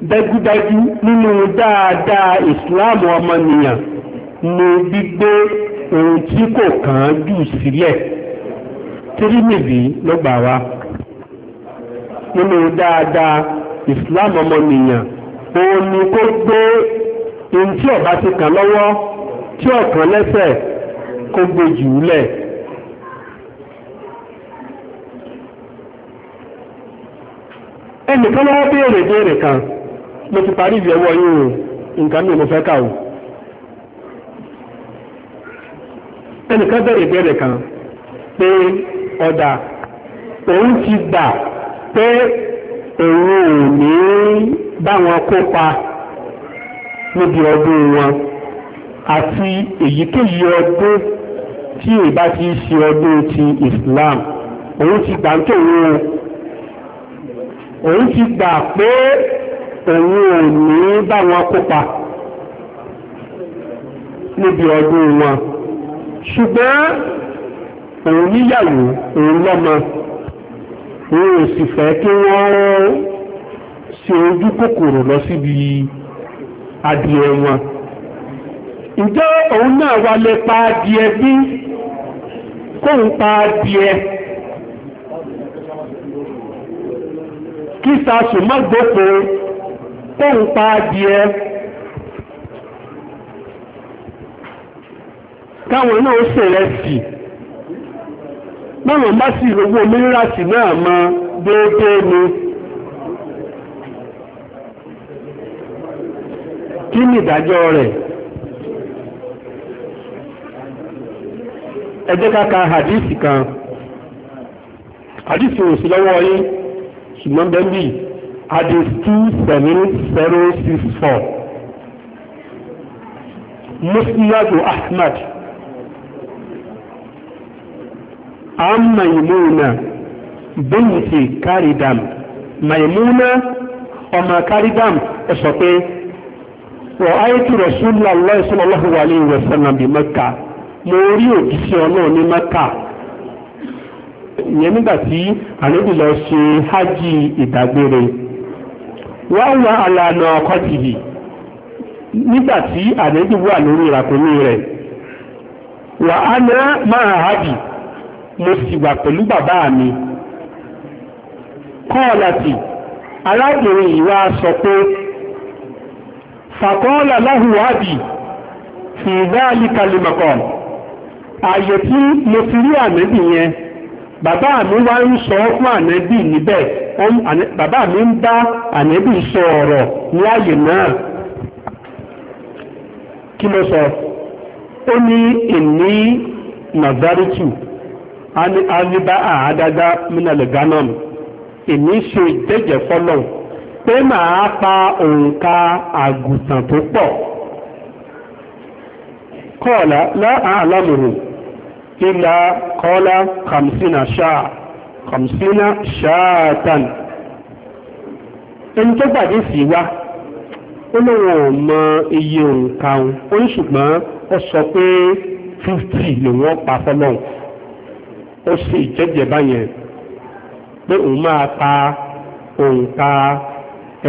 dájúdájú nínú dáadáa ìsìláàmù ọmọnìyàn ni gbígbé ohun tí kò kàn án jù sílẹ̀ tírímìlì ló gbà wá nínú dáadáa ìsìláàmù ọmọnìyàn òun ni kó gbé ohun tí ọba ti kàn lọ́wọ́ tí ọ̀kan lẹ́sẹ̀ kó gbé jù ú lẹ̀ ẹnìkan lọ́wọ́ béèrè béèrè kan mo ti parí ìbẹ̀wọ̀ yín o nǹkan mi mo fẹ́ kà o ẹnìkan béèrè béèrè kan pé ọ̀dà òun ti gbà pé òun ò ní bá wọn kópa níbi ọdún wọn àti èyíkéyìí ọdún tí ìbá ti ṣe ọdún ti Islam òun ti gbà ń tòun o òun ti gbà pé òun ò ní bá wọn kópa níbi ọdún wọn ṣùgbọ́n òun níyàwó òun lọ́mọ òun ò sì fẹ́ kí wọ́n ṣe ojú kòkòrò lọ síbi adìẹ wọn ǹjẹ́ òun náà wá lè pa adìẹ bí kóun pa adìẹ. kí sàṣù má tó ń pa adìẹ káwọn náà ṣèrẹsì báwọn bá sì rówó míríràsì náà mọ déédéé ni kí ni ìdájọ́ rẹ̀ ẹ jẹ́ ka hadisi kan hadisi ò sí lọ́wọ́ ṣùgbọ́n bẹ́ẹ̀ bí adis two seven zero six four musnadu ahmad an maimuna binti karidam maimuna ọmọ karidam ẹ sọ pé rọ̀áìtì rasulullah sallallahu alaihi wasallam bí mẹ́ka mo rí òjíṣẹ́ ọlọ́ọ̀ ní mẹ́ka ìyẹn nígbà tí ànábì lọ ṣe hajj ìdágbére wọ́n wá àlànà ọkọ̀ tìhì nígbà tí ànábì wà lórí ìràkúnmí rẹ̀ wà á ná máa hajj mo sì wà pẹ̀lú bàbá mi kọ́ọ̀làtì arábìnrin ìwà sọ pé fàkọ́ọ̀là láhùwádìí fi ìdá àlìkalìmọ̀kọ̀ àyè tí mo ti rí ànábì yẹn bàbá mi wá ń sọ fún ànẹ́bì níbẹ̀ bàbá mi ń bá ànẹ́bì sọ ọ̀rọ̀ ní ààyè náà kí ló sọ ó ní ìní nàzáríkì alibá àádágá mínàlẹ̀ ganon ìní ṣe jẹ́jẹ́ fọ́lọ̀ pé màá pa òǹkà àgùntàn tó pọ̀ kọ́ọ̀lá láàá alámùrùn ilà kola kamsina sha kamsina shatan. ẹni tó gbàdé sí wá ó lóun ò mọ iye òǹkà ó ní ṣùgbọ́n ó sọ pé fifty lòun ó pa fọlọ́hún ó sì jẹ́jẹ́ báyẹn pé òun máa pa òǹkà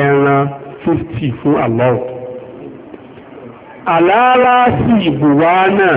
ẹran fifty fún àlọ́ àlàárá sí ìbùwá náà.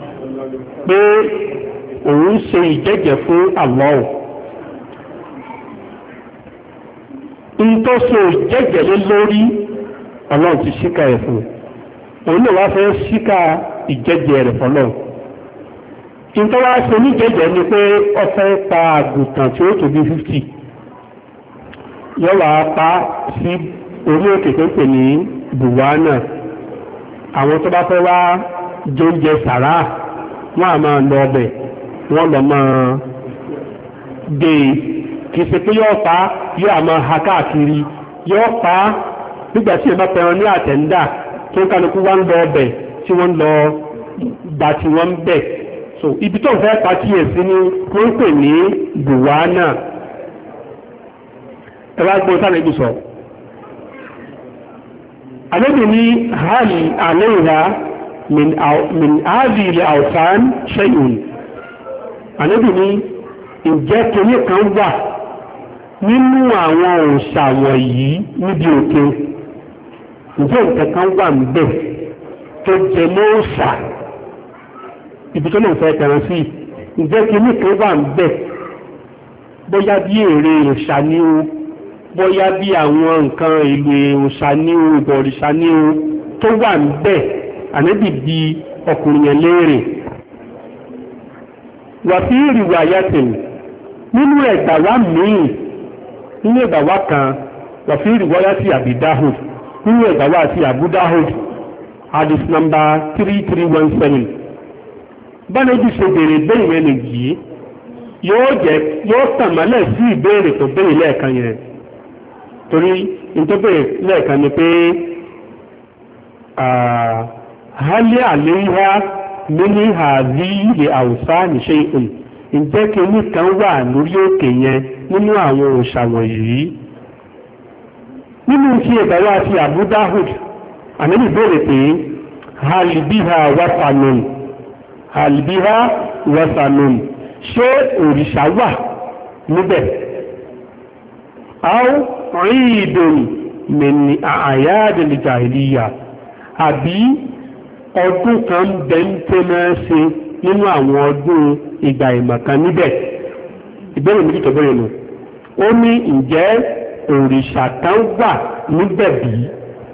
pé òun ṣe ìjẹ́jẹ́ fún Allah ntọ́sọ ìjẹ́jẹ́ lé lórí Allah ti ṣíkà ẹ̀ fún òun náà wá fẹ́ ṣíkà ìjẹ́jẹ́ rẹ̀ fọlọ́ ntọ́wá ṣe oníjẹ́jẹ́ ni pé ó fẹ́ pa àgùntàn tí ó tó bí fifty yọ́wà pa sí orí òkè tó pè ní buwana àwọn tó bá fẹ́ wá jóúnjẹ sàráà wọ́n a máa lọ ọbẹ̀ wọ́n lọ máa dé e pé pa máa ha káàkiri yóò pa nígbà tí èèmọ̀ pẹ̀rọ ní wá ń lọ ọbẹ̀ tí wọ́n lọ gbà tí wọ́n ń bẹ̀ so ibi tó ń fẹ́ ni wọ́n ń pè ní Gùwánà gbọ́ sọ. ní hàlì min áàdì ilẹ̀ àwòsàn ṣẹ́yìn ànábì ní kan wà nínú àwọn òòṣà wọ̀nyí níbi òkè ǹjẹ́ nǹkan kan wà níbẹ̀ tó jẹ lóòṣà náà fẹ́ tẹ̀rẹ̀ sí ǹjẹ́ kìíní kan wà níbẹ̀ bóyá bí èrè òòṣà ní o bóyá bí àwọn nǹkan èlò òòṣà ní o ìbọ̀rìṣà ní o tó wà níbẹ̀ ànábì bi ọkùnrin léèrè wàfí ìrìwà yàtìm nínú ẹ̀gbà wa míì nínú ẹ̀gbà wa kan yàtì dahud nínú ẹ̀gbà wa àti dahud hadith three three one seven bánajú ṣe béèrè bẹ́ẹ̀ yẹn nìyí yóò jẹ yóò tàmálẹ̀ sí ìbéèrè tó béèrè lẹ́ẹ̀kan yẹn torí nítorí lẹ́ẹ̀kan ni pé. hali àléhà lórí àrí ilé àwùsá níṣẹ́ ìhùn ǹjẹ́ kínní kan wà lórí òkè yẹn nínú àwọn òòṣà wọ̀nyí nínú ti ẹ̀bẹ̀rẹ̀ àti Abu Dawud àmìlì béèrè pé halibiha wasanun halibiha wasanun ṣé òrìṣà wà ọdún kan bẹ̀ ń tẹ́ máa ṣe nínú àwọn ọdún ìgbà ìmọ̀kan níbẹ̀ ìbéèrè méjì tó bẹ̀rẹ̀ nù ó ní ǹjẹ́ òrìṣà kan wà níbẹ̀ bí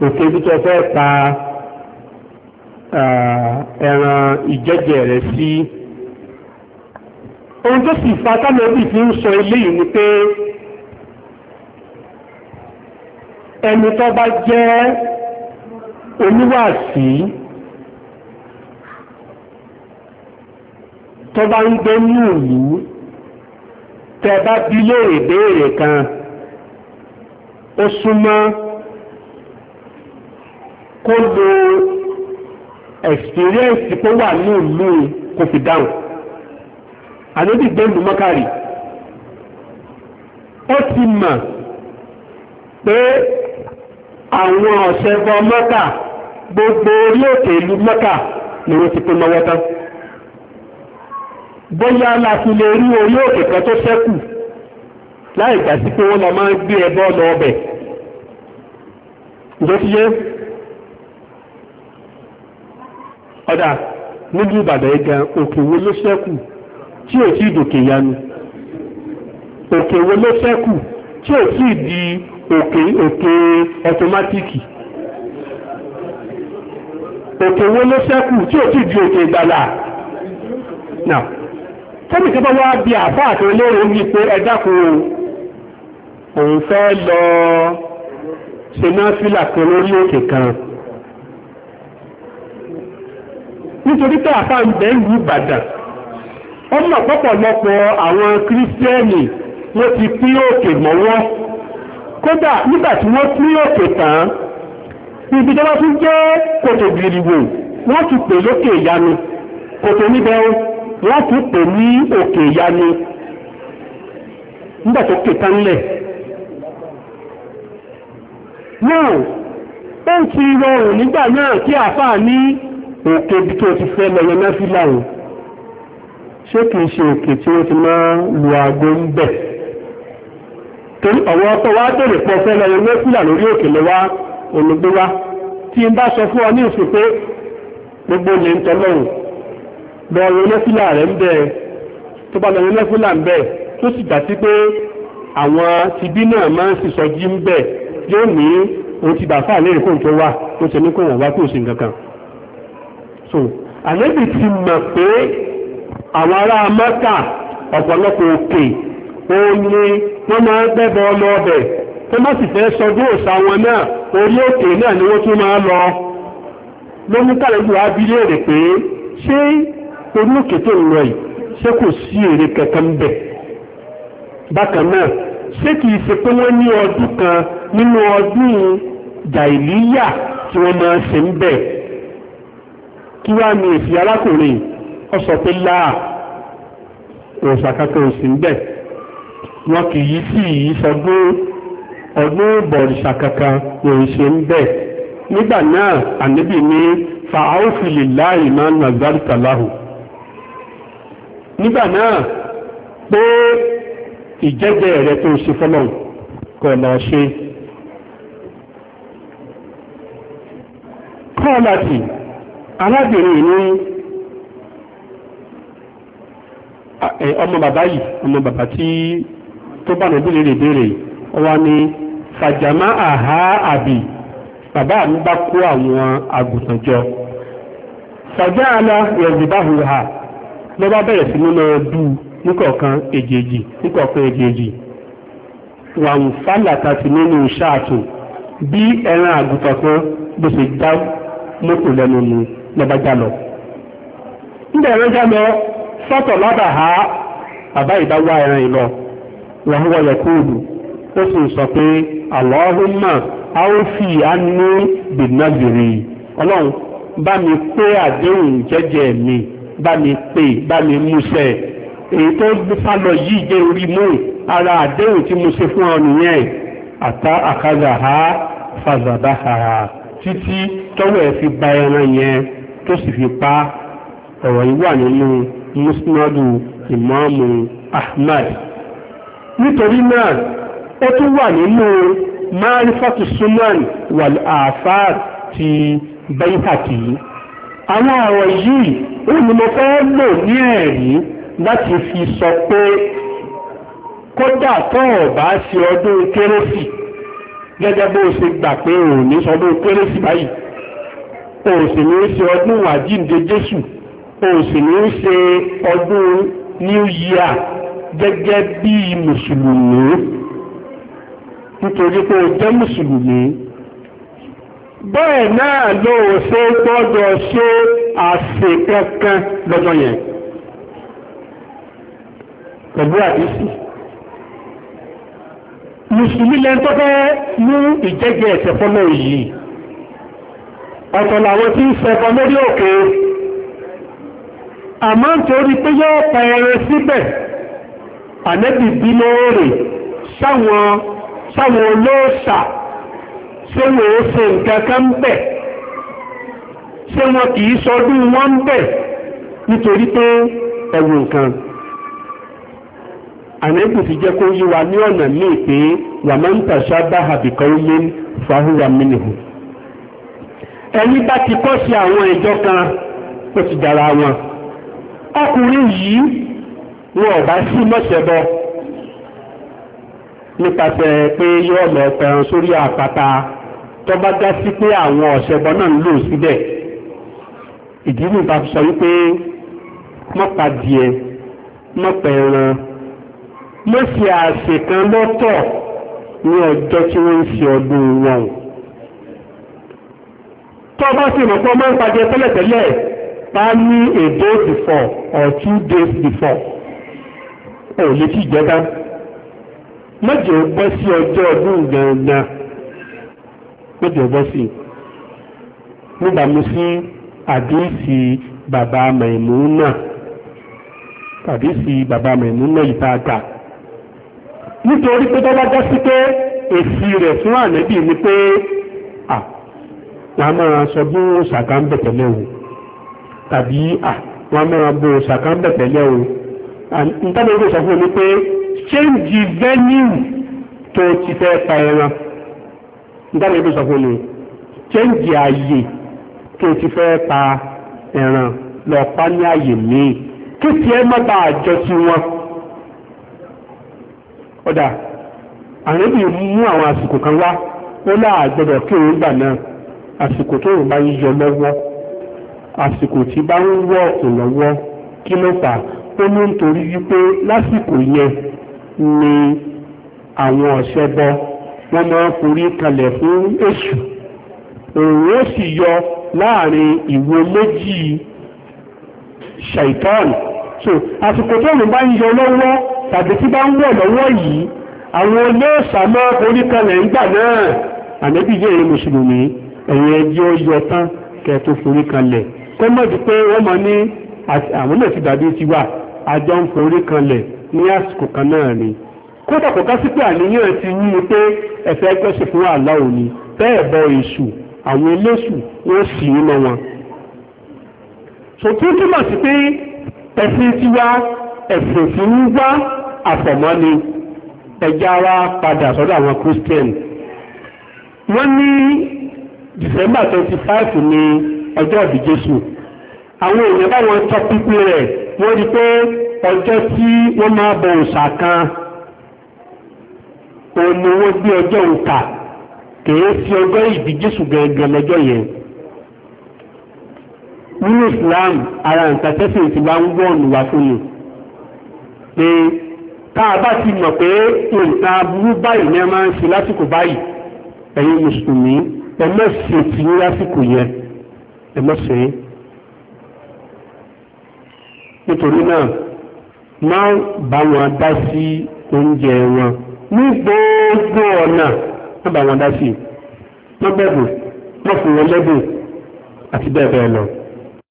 òkè ibi tó fẹ́ pa eh, ẹran ìjẹ́jẹ rẹ̀ sí ohun tó sì fa tánàbì fi ń sọ eléyìí ni pé ẹni tó bá jẹ́ oníwàásí tó bá ń gbé ní ìlú tẹ bá bí léèrè béèrè kan ó súnmọ́ kó lo experience tó wà ní ìlú kò fi dáhùn àdébì gbé ìlú mọ́kàrí ó ti mọ̀ pé àwọn ọ̀sẹ̀ bọ mọ́kà gbogbo orí òkè ìlú mọ́kà ni wọ́n ti pín mọ́wọ́ tán bóyá láti lè rí orí òkè kan tó ṣẹ́kù láì gbà sí pé wọ́n lọ máa ń gbé ẹbọ lọ ọbẹ̀ ìjọ ti yé ọ̀dà níbi ìbàdàn ẹ̀gà òkè wo ló ṣẹ́kù tí ò tí ì dòkè yanu òkè wo ló ṣẹ́kù tí ò tí ì di òkè òkè ọtọmátìkì òkè wo ló ṣẹ́kù tí ò tí di òkè ìgbàlà náà tẹ́bí kan bá wá bí àbá àti olóòrò ń wípé ẹ̀dákun òun fẹ́ lọ ṣe náà fílà kan lórí òkè kan nítorí pé àbá ń bẹ́ ìlú Ìbàdàn ọmọ pọ̀pọ̀lọpọ̀ àwọn kírísítẹ́nì wọ́n ti pín òkè mọ́wọ́ kódà nígbà tí wọ́n pín òkè tán ibi tó bá tún jẹ́ kòtò gbìrìwò wọ́n ti pè lókè ìyanu kòtò níbẹ̀ ó láti pè ní òkè ìyanu nígbà tó kè tán lẹ̀ náà ó ti rọrùn nígbà náà kí àfáà ní òkè bí tó ti fẹ́ lọ yẹn náfìlà o ṣé kìí ṣe òkè tí wọ́n ti máa lu aago ń bẹ̀ torí ọ̀wọ́ ọkọ̀ wá bèrè pọ̀ fẹ́ lọ yẹn náfìlà lórí òkè lọ́wọ́ olùgbé wa tí n bá sọ fún ọ ní ìsìn gbogbo lè ń lọ́ọ̀rọ̀ nẹ́fílà rẹ̀ ń bẹ tó bá lọ́ọ̀rọ̀ nẹ́fílà ń bẹ tó sì gbà sí pé àwọn tìbí náà máa ń sísọ jí ń bẹ yóò ní o ti bàfà lérè kóhùn tó wà tó ṣe ní kóhùn wá kó sí nǹkan kan so àlébì ti mọ̀ pé àwọn ará mọ́kà ọ̀pọ̀lọpọ̀ òkè oyin wọ́n máa ń gbẹ́bọ̀ ọlọ ọbẹ̀ tó má sì fẹ́ sọdún òsà wọn náà orí òkè náà ni wọ́n tún máa lọ ló mú abílẹ̀ rẹ̀ pé ṣé orí òkè tó ń lọ yìí ṣé kò sí èrè kankan bẹ̀ bákan náà ṣé kìí ṣe pé wọ́n ní ọdún kan nínú ọdún jàìlíyà tí wọ́n máa ṣe ń bẹ̀ kí wá ní èsì alákùnrin ọ pé láà òòṣà kankan ò sí ń bẹ̀ wọn kì í sí yìí sọdún ọdún ìbọ̀rìṣà kankan ò ṣe ń bẹ̀ nígbà náà ànábì ní fa áwòfìlì láì máa ń nàgbàrìtà láhùn nígbà náà pé ìjẹ́jẹ́ rẹ tó ṣe fọ́lọ́n kọ̀ lọ ṣe kọ́ọ̀láti arábìnrin ní ọmọ bàbá yìí ọmọ bàbá tí tó bá nà bílẹ̀ ìbéèrè ọwá ní fàjàmá àhá àbì bàbá mi bá kó àwọn àgùntàn jọ fàjá ha lọba bá bẹ̀rẹ̀ sí ní máa bú níkọ̀ọ̀kan èjèèjì níkọ̀ọ̀kan èjèèjì wàhùn fálàtà sí nínú ṣáàtù bí ẹran àgùntàn kan bó ṣe já mọ́tò lẹ́nu ni lọ́ba já lọ. nígbà ẹran já lọ sọ́tọ̀ lábàá ha bàbá ìdáwọ́ ẹran ìlọ wàhùn wọlé kóòdù ó sì sọ pé a ó bìnnà bìrì ọlọ́run bá mi pé àdéhùn jẹ́jẹ́ mi. bá mi pè bá mi múṣẹ èyí tó fà lọ yìí jẹ́ orí mú ara àdéhùn tí mo ṣe fún ọ nìyẹn àtà àkàzà ha fàzàbà ha títí tọ́wọ́ ẹ̀ fi ba ẹran yẹn tó sì fi pa ọ̀rọ̀ yìí wà nínú musnadu ìmáàmù ahmad nítorí náà ó tún wà nínú márífàtù sunan wal afar ti bayhaqi àwọn ọ̀rọ̀ yìí ó ní mo fẹ́ lò ní ẹ̀rí láti fi sọ pé kódà tó o bá ṣe ọdún kérésì gẹ́gẹ́ bó o ṣe gbà pé o ní sọdún kérésì báyìí o sì ní ṣe ọdún àjíǹde jésù o sì ní ṣe ọdún new year gẹ́gẹ́ bí mùsùlùmí nítorí pé o jẹ́ mùsùlùmí bẹ́ẹ̀ náà ló ṣe gbọ́dọ̀ ṣe àṣẹ kankan lọ́jọ́ yẹn pẹ̀lú àdísì mùsùlùmí lẹ́n tó fẹ́ mú ìjẹ́jẹ́ ẹ̀ṣẹ̀ fọ́lọ́ yìí ọ̀tọ̀ làwọn tí ń sẹ́kọ lórí òkè àmọ́ nítorí pé yóò pa ẹran síbẹ̀ ànẹ́bì bí lóòrè sáwọn olóòṣà ṣé wọ́n ó ṣe nǹkan kan bẹ̀ ṣé wọn kì í sọdún wọn bẹ̀ nítorí pé ẹ̀wù nǹkan àníbù ti jẹ́ kó yí wa ní ọ̀nà míì pé wàmántàṣá bá àbìkọ́ omi fàáhùwà mínìhù ẹni bá ti kọ́ sí àwọn ìjọ kan ó ti dára wọn ọkùnrin yìí wọn ò bá sí mọ́sẹ̀bọ nípasẹ̀ pé yóò lọ pẹ̀ràn sórí àpáta tó bá já sí pé àwọn ọ̀ṣẹ̀bọ náà ń lò síbẹ̀ ìdí ní ìbá sọ wípé mọ́pa díẹ̀ mọ́pa ẹran ló fi àṣẹ kan lọ́tọ̀ ní ọjọ́ tí wọ́n ń fi ọdún wọn tó bá sì mọ̀ pé ọmọ ń pàdé tẹ́lẹ̀tẹ́lẹ̀ bá ní a day before or two days before ò lè ti jẹ́ dá mọ́jọ́ sí ọjọ́ ọdún gangan méjì ọbọ sí níbàámu sí àdéhìsì bàbá Maimuna àdéhìsì bàbá Maimuna yìí tá a gbà nítorí pé tọ́lá já sí pé èsì rẹ̀ fún ànábì ni pé à wọ́n á máa sọ bí wọ́n ṣàkà ń bẹ̀ tẹ́lẹ̀ o tàbí à wọ́n á máa bo ṣàkà ń bẹ̀ tẹ́lẹ̀ o nítorí pé sọ fún mi pé change venue tó ti fẹ́ pa ẹran ìdáhùn ẹbí sọ fún mi chẹ́ǹgì ààyè kí o ti fẹ́ pa ẹran lọ pa ní ààyè míì kí tiẹ̀ má bàa àjọ sí wọn. ọ̀dà àrẹ́bì mú àwọn àsìkò kan wá ó láà gbọ́dọ̀ kí òun gbà náà àsìkò tó bá ń yọ lọ́wọ́ àsìkò tí bá ń wọ̀ ọ̀tún lọ́wọ́ kí ló fà ó ní nítorí wípé lásìkò yẹn ni àwọn ọ̀ṣẹ́ bọ́ wọ́n máa forí kalẹ̀ fún èṣù òun ó sì yọ láàrin ìwo méjì ṣàìtọ́ọ̀nù so àsìkò tó òun bá ń yọ lọ́wọ́ tàbí tí bá ń wọ̀ lọ́wọ́ yìí àwọn olóòṣà máa forí kalẹ̀ ńgbà náà ànábì jẹ́ èrè mùsùlùmí ẹ̀yìn ẹjẹ́ ó yọ tán kẹ́ tó forí kalẹ̀ kọ́ mọ̀ di pé wọ́n mọ̀ ní àwọn náà ti dàbí tiwa àjọ ń forí kalẹ̀ ní àsìkò kan náà ni kódà kò kásí pé àníyàn ti yí i pé ẹ̀fẹ́ gbẹ́sẹ̀ fún àlá òní bẹ́ẹ̀ bọ èṣù àwọn eléṣù wọ́n sì í mọ́ wọn. sòtún túmọ̀ sí pé ẹ̀sìn ti wá ẹ̀sìn tí ń wá àfọ̀mọ́ni ẹja wa padà sọ́dọ̀ àwọn Christian. wọ́n ní December twenty five ní ọjọ́ ìbí Jésù àwọn èèyàn báwọn tọ́ pípín rẹ̀ wọ́n rí pé ọjọ́ tí wọ́n máa bọ òòṣà kan òun ni wọ́n gbé ọjọ́ òǹkà kìí fi ọjọ́ ìbí Jésù gẹ̀ẹ́gẹ̀ lọ́jọ́ yẹn nínú Islam ara nǹkan tẹ́sìn ti bá ń wọ̀n wá fún mi pé tá a bá ti mọ̀ pé ni a máa ń ṣe lásìkò báyìí ẹ̀yin nítorí náà máa bá wọn dá sí oúnjẹ wọn ní gbogbo ọ̀nà wọ́n bá wọn dá sí i wọ́n bẹ̀bù wọ́n fún wọn lẹ́bù àti bẹ́ẹ̀ bẹ́ẹ̀ lọ.